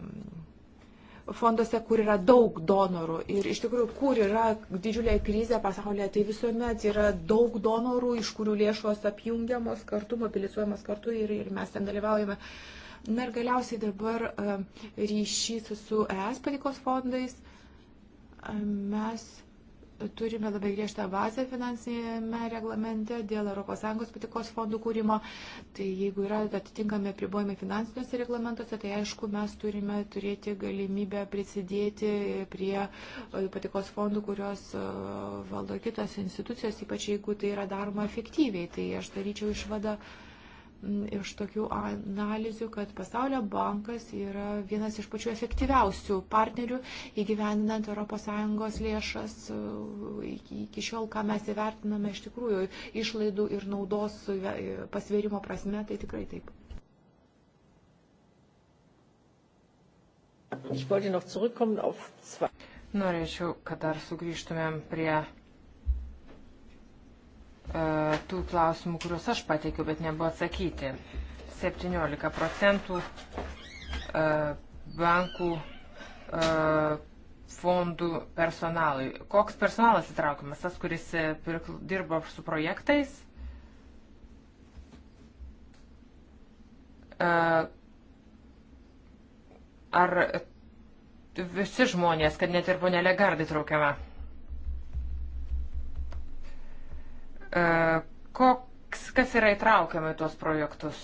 fonduose, kur yra daug donorų. Ir iš tikrųjų, kur yra didžiulė krizė pasaulyje, tai visuomet yra daug donorų, iš kurių lėšos apjungiamos kartu, mobilizuojamos kartu ir, ir mes ten dalyvaujame. Uh, Na ir galiausiai dabar e, ryšys su ES patikos fondais. E, mes turime labai griežtą bazę finansinėme reglamente dėl ES patikos fondų kūrimo. Tai jeigu yra atitinkami apribojimai finansiniuose reglamentuose, tai aišku, mes turime turėti galimybę prisidėti prie e, patikos fondų, kurios valdo kitos institucijos, ypač jeigu tai yra daroma efektyviai. Tai aš daryčiau išvadą. Uh, iš tokių analizių, kad Pasaulio bankas yra vienas iš pačių efektyviausių partnerių įgyvendinant ES lėšas. Iki šiol, ką mes įvertiname iš tikrųjų išlaidų ir naudos pasvėrimo prasme, tai tikrai taip.
Norėčiau, kad dar sugrįžtumėm prie E, tų klausimų, kuriuos aš pateikiu, bet nebuvo atsakyti. 17 procentų e, bankų e, fondų personalui. Koks personalas įtraukiamas? Tas, kuris dirba su projektais? Ar visi žmonės, kad net ir ponelė gardai traukiama? E, koks, kas yra įtraukiama į tuos projektus?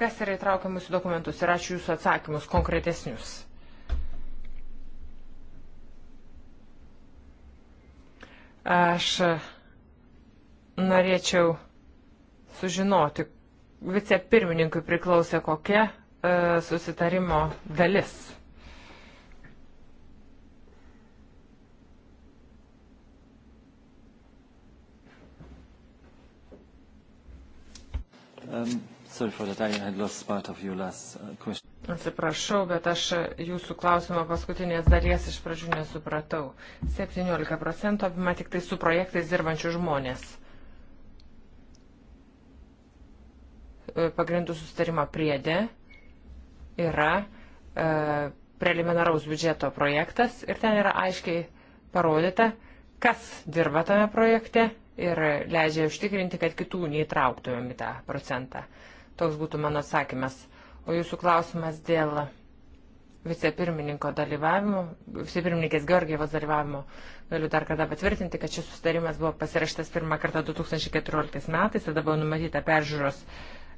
Kas yra įtraukiama į dokumentus? Ir ačiū Jūsų atsakymus konkretesnius. Aš norėčiau sužinoti, vicepirmininkui priklausė kokia e, susitarimo dalis.
Um, sorry for that, I had lost part of your last uh, question.
Atsiprašau, bet aš jūsų klausimo paskutinės dalies iš pradžių nesupratau. 17 procentų apima tik tai su projektais dirbančių žmonės. E, pagrindų sustarimo priedė yra e, preliminaraus biudžeto projektas ir ten yra aiškiai parodyta, kas dirba tame projekte ir leidžia užtikrinti, kad kitų neįtrauktumėm į tą procentą. Toks būtų mano atsakymas. O jūsų klausimas dėl vicepirmininko dalyvavimo, vicepirmininkės Georgievos dalyvavimo, galiu dar kada patvirtinti, kad šis sustarimas buvo pasirašytas pirmą kartą 2014 metais, tada buvo numatyta peržiūros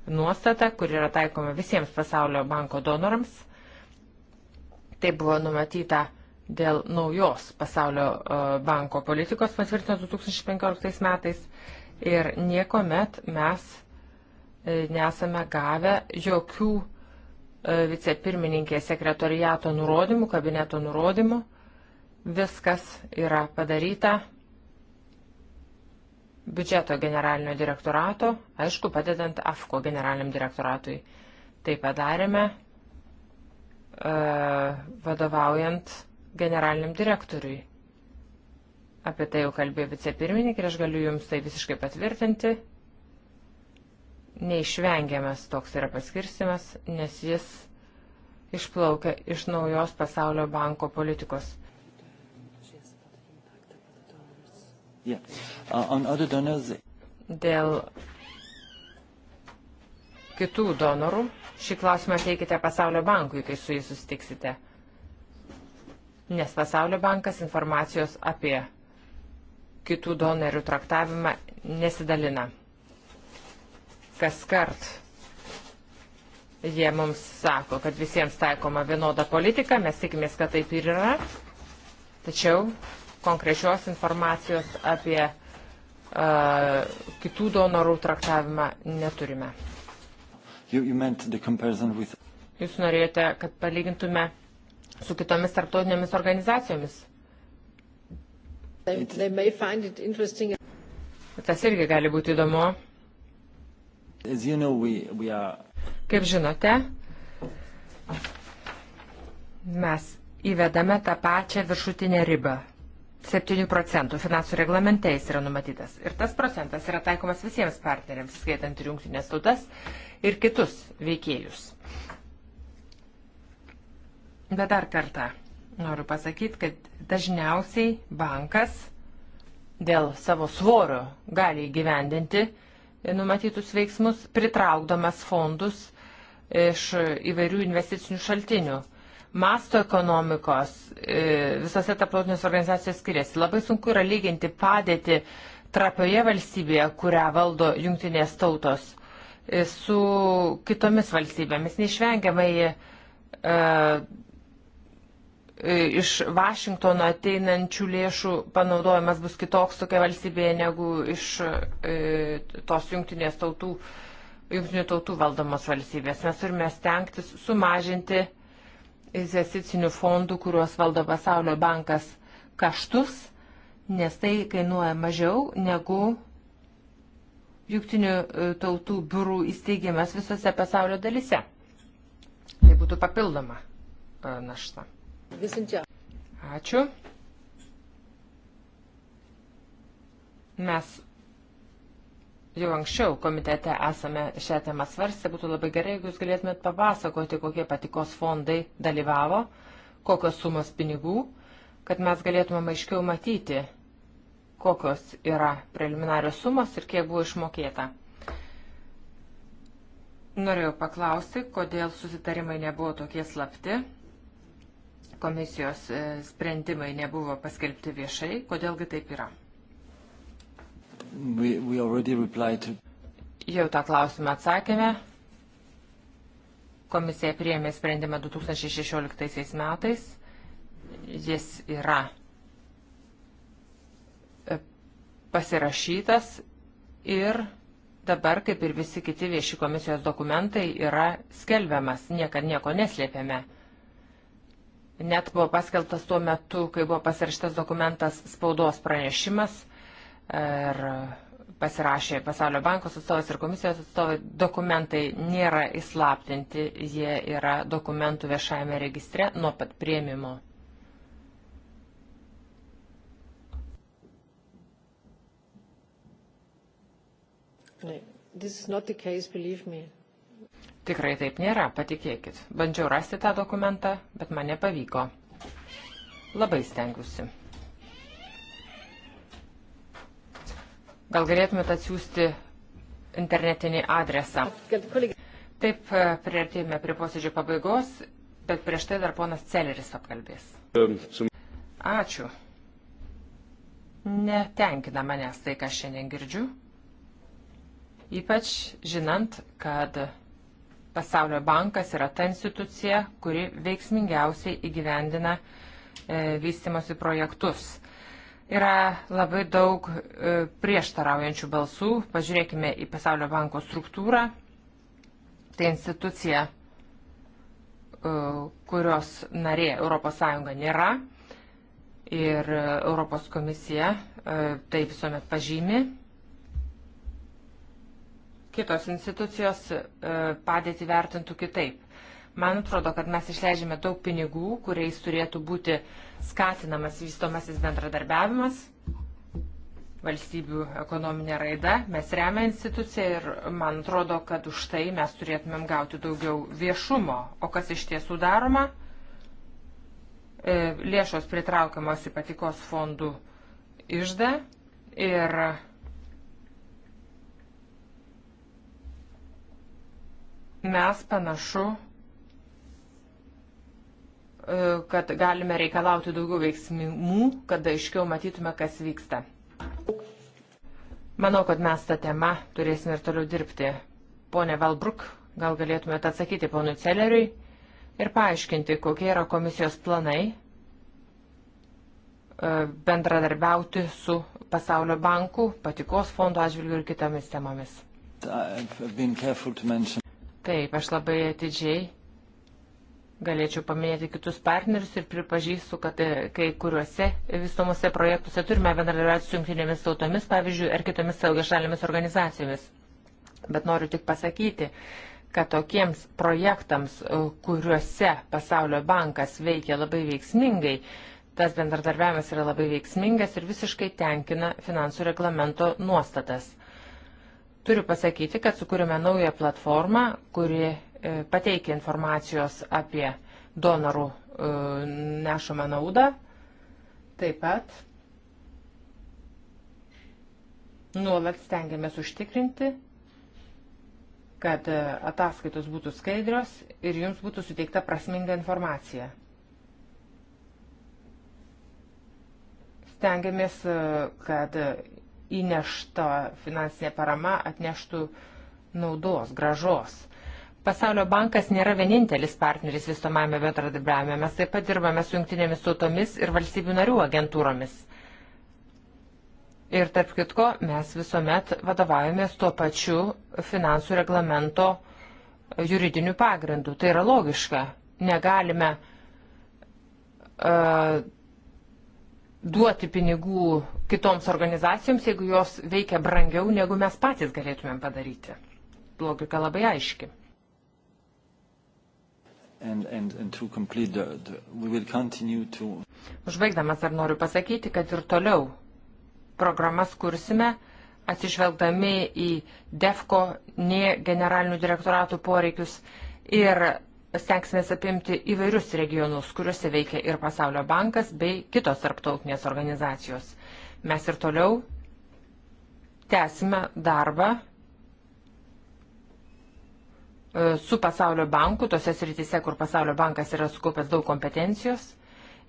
nuostata, kur yra taikoma visiems pasaulio banko donorams. Tai buvo numatyta dėl naujos pasaulio e, banko politikos patvirtintos 2015 metais ir nieko met mes e, nesame gavę jokių e, vicepirmininkės sekretoriato nurodymų, kabineto nurodymų. Viskas yra padaryta biudžeto generalinio direktorato, aišku, padedant AFKO generaliniam direktoratui. Tai padarėme vadovaujant generaliniam direktoriui. Apie tai jau kalbėjo vicepirmininkė ir aš galiu jums tai visiškai patvirtinti. Neišvengiamas toks yra paskirstimas, nes jis išplaukia iš naujos pasaulio banko politikos.
Yeah. Uh, donors...
Dėl kitų donorų šį klausimą teikite pasaulio bankui, kai su jais susitiksite nes Pasaulio bankas informacijos apie kitų donorių traktavimą nesidalina. Kas kart jie mums sako, kad visiems taikoma vienoda politika, mes tikimės, kad taip ir yra, tačiau konkrečios informacijos apie uh, kitų donorų traktavimą neturime.
You, you with...
Jūs norėjote, kad palygintume su kitomis tarptautinėmis organizacijomis. Tas irgi gali būti įdomu. Kaip žinote, mes įvedame tą pačią viršutinę ribą. 7 procentų finansų reglamente jis yra numatytas. Ir tas procentas yra taikomas visiems partneriams, skaitant ir jungtinės tautas ir kitus veikėjus. Bet dar kartą noriu pasakyti, kad dažniausiai bankas dėl savo svorio gali įgyvendinti numatytus veiksmus, pritraukdamas fondus iš įvairių investicinių šaltinių. Masto ekonomikos e, visose tarptautinės organizacijos skiriasi. Labai sunku yra lyginti padėti trapioje valstybėje, kurią valdo jungtinės tautos, e, su kitomis valstybėmis. Neišvengiamai e, E, iš Vašingtono ateinančių lėšų panaudojimas bus kitoks tokia valstybėje negu iš e, tos jungtinės tautų, jungtinių tautų valdomos valstybės. Mes turime stengtis sumažinti investicinių fondų, kuriuos valdo pasaulio bankas kaštus, nes tai kainuoja mažiau negu jungtinių e, tautų biurų įsteigimas visose pasaulio dalise. Tai būtų papildoma našta. Ačiū. Mes jau anksčiau komitete esame šią temą svarstę, būtų labai gerai, jeigu jūs galėtumėt papasakoti, kokie patikos fondai dalyvavo, kokios sumos pinigų, kad mes galėtume aiškiau matyti, kokios yra preliminarios sumos ir kiek buvo išmokėta. Norėjau paklausti, kodėl susitarimai nebuvo tokie slapti komisijos e, sprendimai nebuvo paskelbti viešai, kodėlgi taip yra?
We, we to...
Jau tą klausimą atsakėme. Komisija priėmė sprendimą 2016 metais. Jis yra e, pasirašytas ir dabar, kaip ir visi kiti vieši komisijos dokumentai, yra skelbiamas, niekad nieko neslėpėme. Net buvo paskeltas tuo metu, kai buvo pasirašytas dokumentas spaudos pranešimas ir pasirašė Pasaulio bankos atstovas ir komisijos atstovai. Dokumentai nėra įslaptinti, jie yra dokumentų viešajame registre nuo pat prieimimo. This is not the case, believe me. Tikrai taip nėra, patikėkit. Bandžiau rasti tą dokumentą, bet man nepavyko. Labai stengiusi. Gal galėtumėte atsiųsti internetinį adresą? Taip, e, priartėjome prie posėdžio pabaigos, bet prieš tai dar ponas Celeris apkalbės. Ačiū. Netenkina manęs tai, ką šiandien girdžiu. Ypač žinant, kad Pasaulio bankas yra ta institucija, kuri veiksmingiausiai įgyvendina e, vystimosi projektus. Yra labai daug e, prieštaraujančių balsų. Pažiūrėkime į Pasaulio banko struktūrą. Tai institucija, e, kurios narė ES nėra. Ir Europos komisija e, tai visuomet pažymi kitos institucijos e, padėti vertintų kitaip. Man atrodo, kad mes išleidžiame daug pinigų, kuriais turėtų būti skatinamas vystomasis bendradarbiavimas, valstybių ekonominė raida, mes remia instituciją ir man atrodo, kad už tai mes turėtumėm gauti daugiau viešumo. O kas iš tiesų daroma? E, lėšos pritraukiamos į patikos fondų išdą ir mes panašu, e, kad galime reikalauti daugiau veiksmų, kad aiškiau matytume, kas vyksta. Manau, kad mes tą temą turėsime ir toliau dirbti. Pone Valbruk, gal galėtumėte atsakyti ponui Celeriui ir paaiškinti, kokie yra komisijos planai e, bendradarbiauti su Pasaulio banku, patikos fondo atžvilgiu ir kitomis temomis. Taip, aš labai atidžiai galėčiau paminėti kitus partnerius ir pripažįstu, kad e, kai kuriuose visuomose projektuose turime bendradarbiauti su jungtinėmis tautomis, pavyzdžiui, ar kitomis saugiašalėmis organizacijomis. Bet noriu tik pasakyti, kad tokiems projektams, e, kuriuose Pasaulio bankas veikia labai veiksmingai, tas bendradarbiavimas yra labai veiksmingas ir visiškai tenkina finansų reglamento nuostatas. Turiu pasakyti, kad sukūrėme naują platformą, kuri e, pateikia informacijos apie donorų e, nešamą naudą. Taip pat nuolat stengiamės užtikrinti, kad e, ataskaitos būtų skaidrios ir jums būtų suteikta prasminga informacija. Stengiamės, kad įnešta finansinė parama atneštų naudos, gražos. Pasaulio bankas nėra vienintelis partneris visuomame bendradarbiavime. Mes taip pat dirbame su jungtinėmis tautomis ir valstybių narių agentūromis. Ir tarp kitko, mes visuomet vadovaujamės tuo pačiu finansų reglamento juridiniu pagrindu. Tai yra logiška. Negalime uh, duoti pinigų kitoms organizacijoms, jeigu jos veikia brangiau, negu mes patys galėtumėm padaryti. Logika labai aiški.
And, and, and the, the, to...
Užbaigdamas dar noriu pasakyti, kad ir toliau programas kursime, atsižvelgdami į DEFCO, NIE generalinių direktoratų poreikius ir stengsime apimti įvairius regionus, kuriuose veikia ir Pasaulio bankas bei kitos tarptautinės organizacijos. Mes ir toliau tęsime darbą e, su Pasaulio banku, tose sritise, kur Pasaulio bankas yra sukaupęs daug kompetencijos.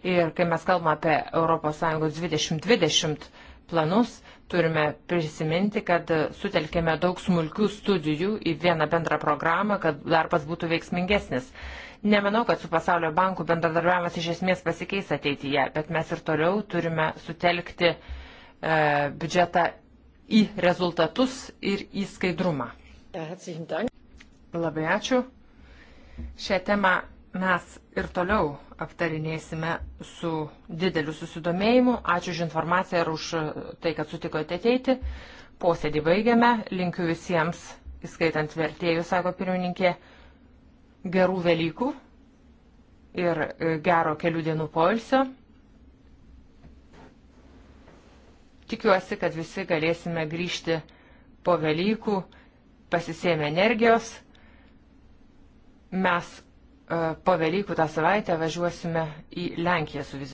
Ir kai mes kalbame apie ES 2020, planus, turime prisiminti, kad sutelkėme daug smulkių studijų į vieną bendrą programą, kad darbas būtų veiksmingesnis. Nemanau, kad su pasaulio banku bendradarbiavimas iš esmės pasikeis ateityje, bet mes ir toliau turime sutelkti e, biudžetą į rezultatus ir į skaidrumą. Labai ačiū. Šią temą mes ir toliau aptarinėsime su dideliu susidomėjimu. Ačiū už informaciją ir už tai, kad sutikote ateiti. Posėdį baigiame. Linkiu visiems, įskaitant vertėjų, sako pirmininkė, gerų Velykų ir gero kelių dienų poilsio. Tikiuosi, kad visi galėsime grįžti po Velykų, pasisėmę energijos. Mes po Velykų tą savaitę važiuosime į Lenkiją su vizitu.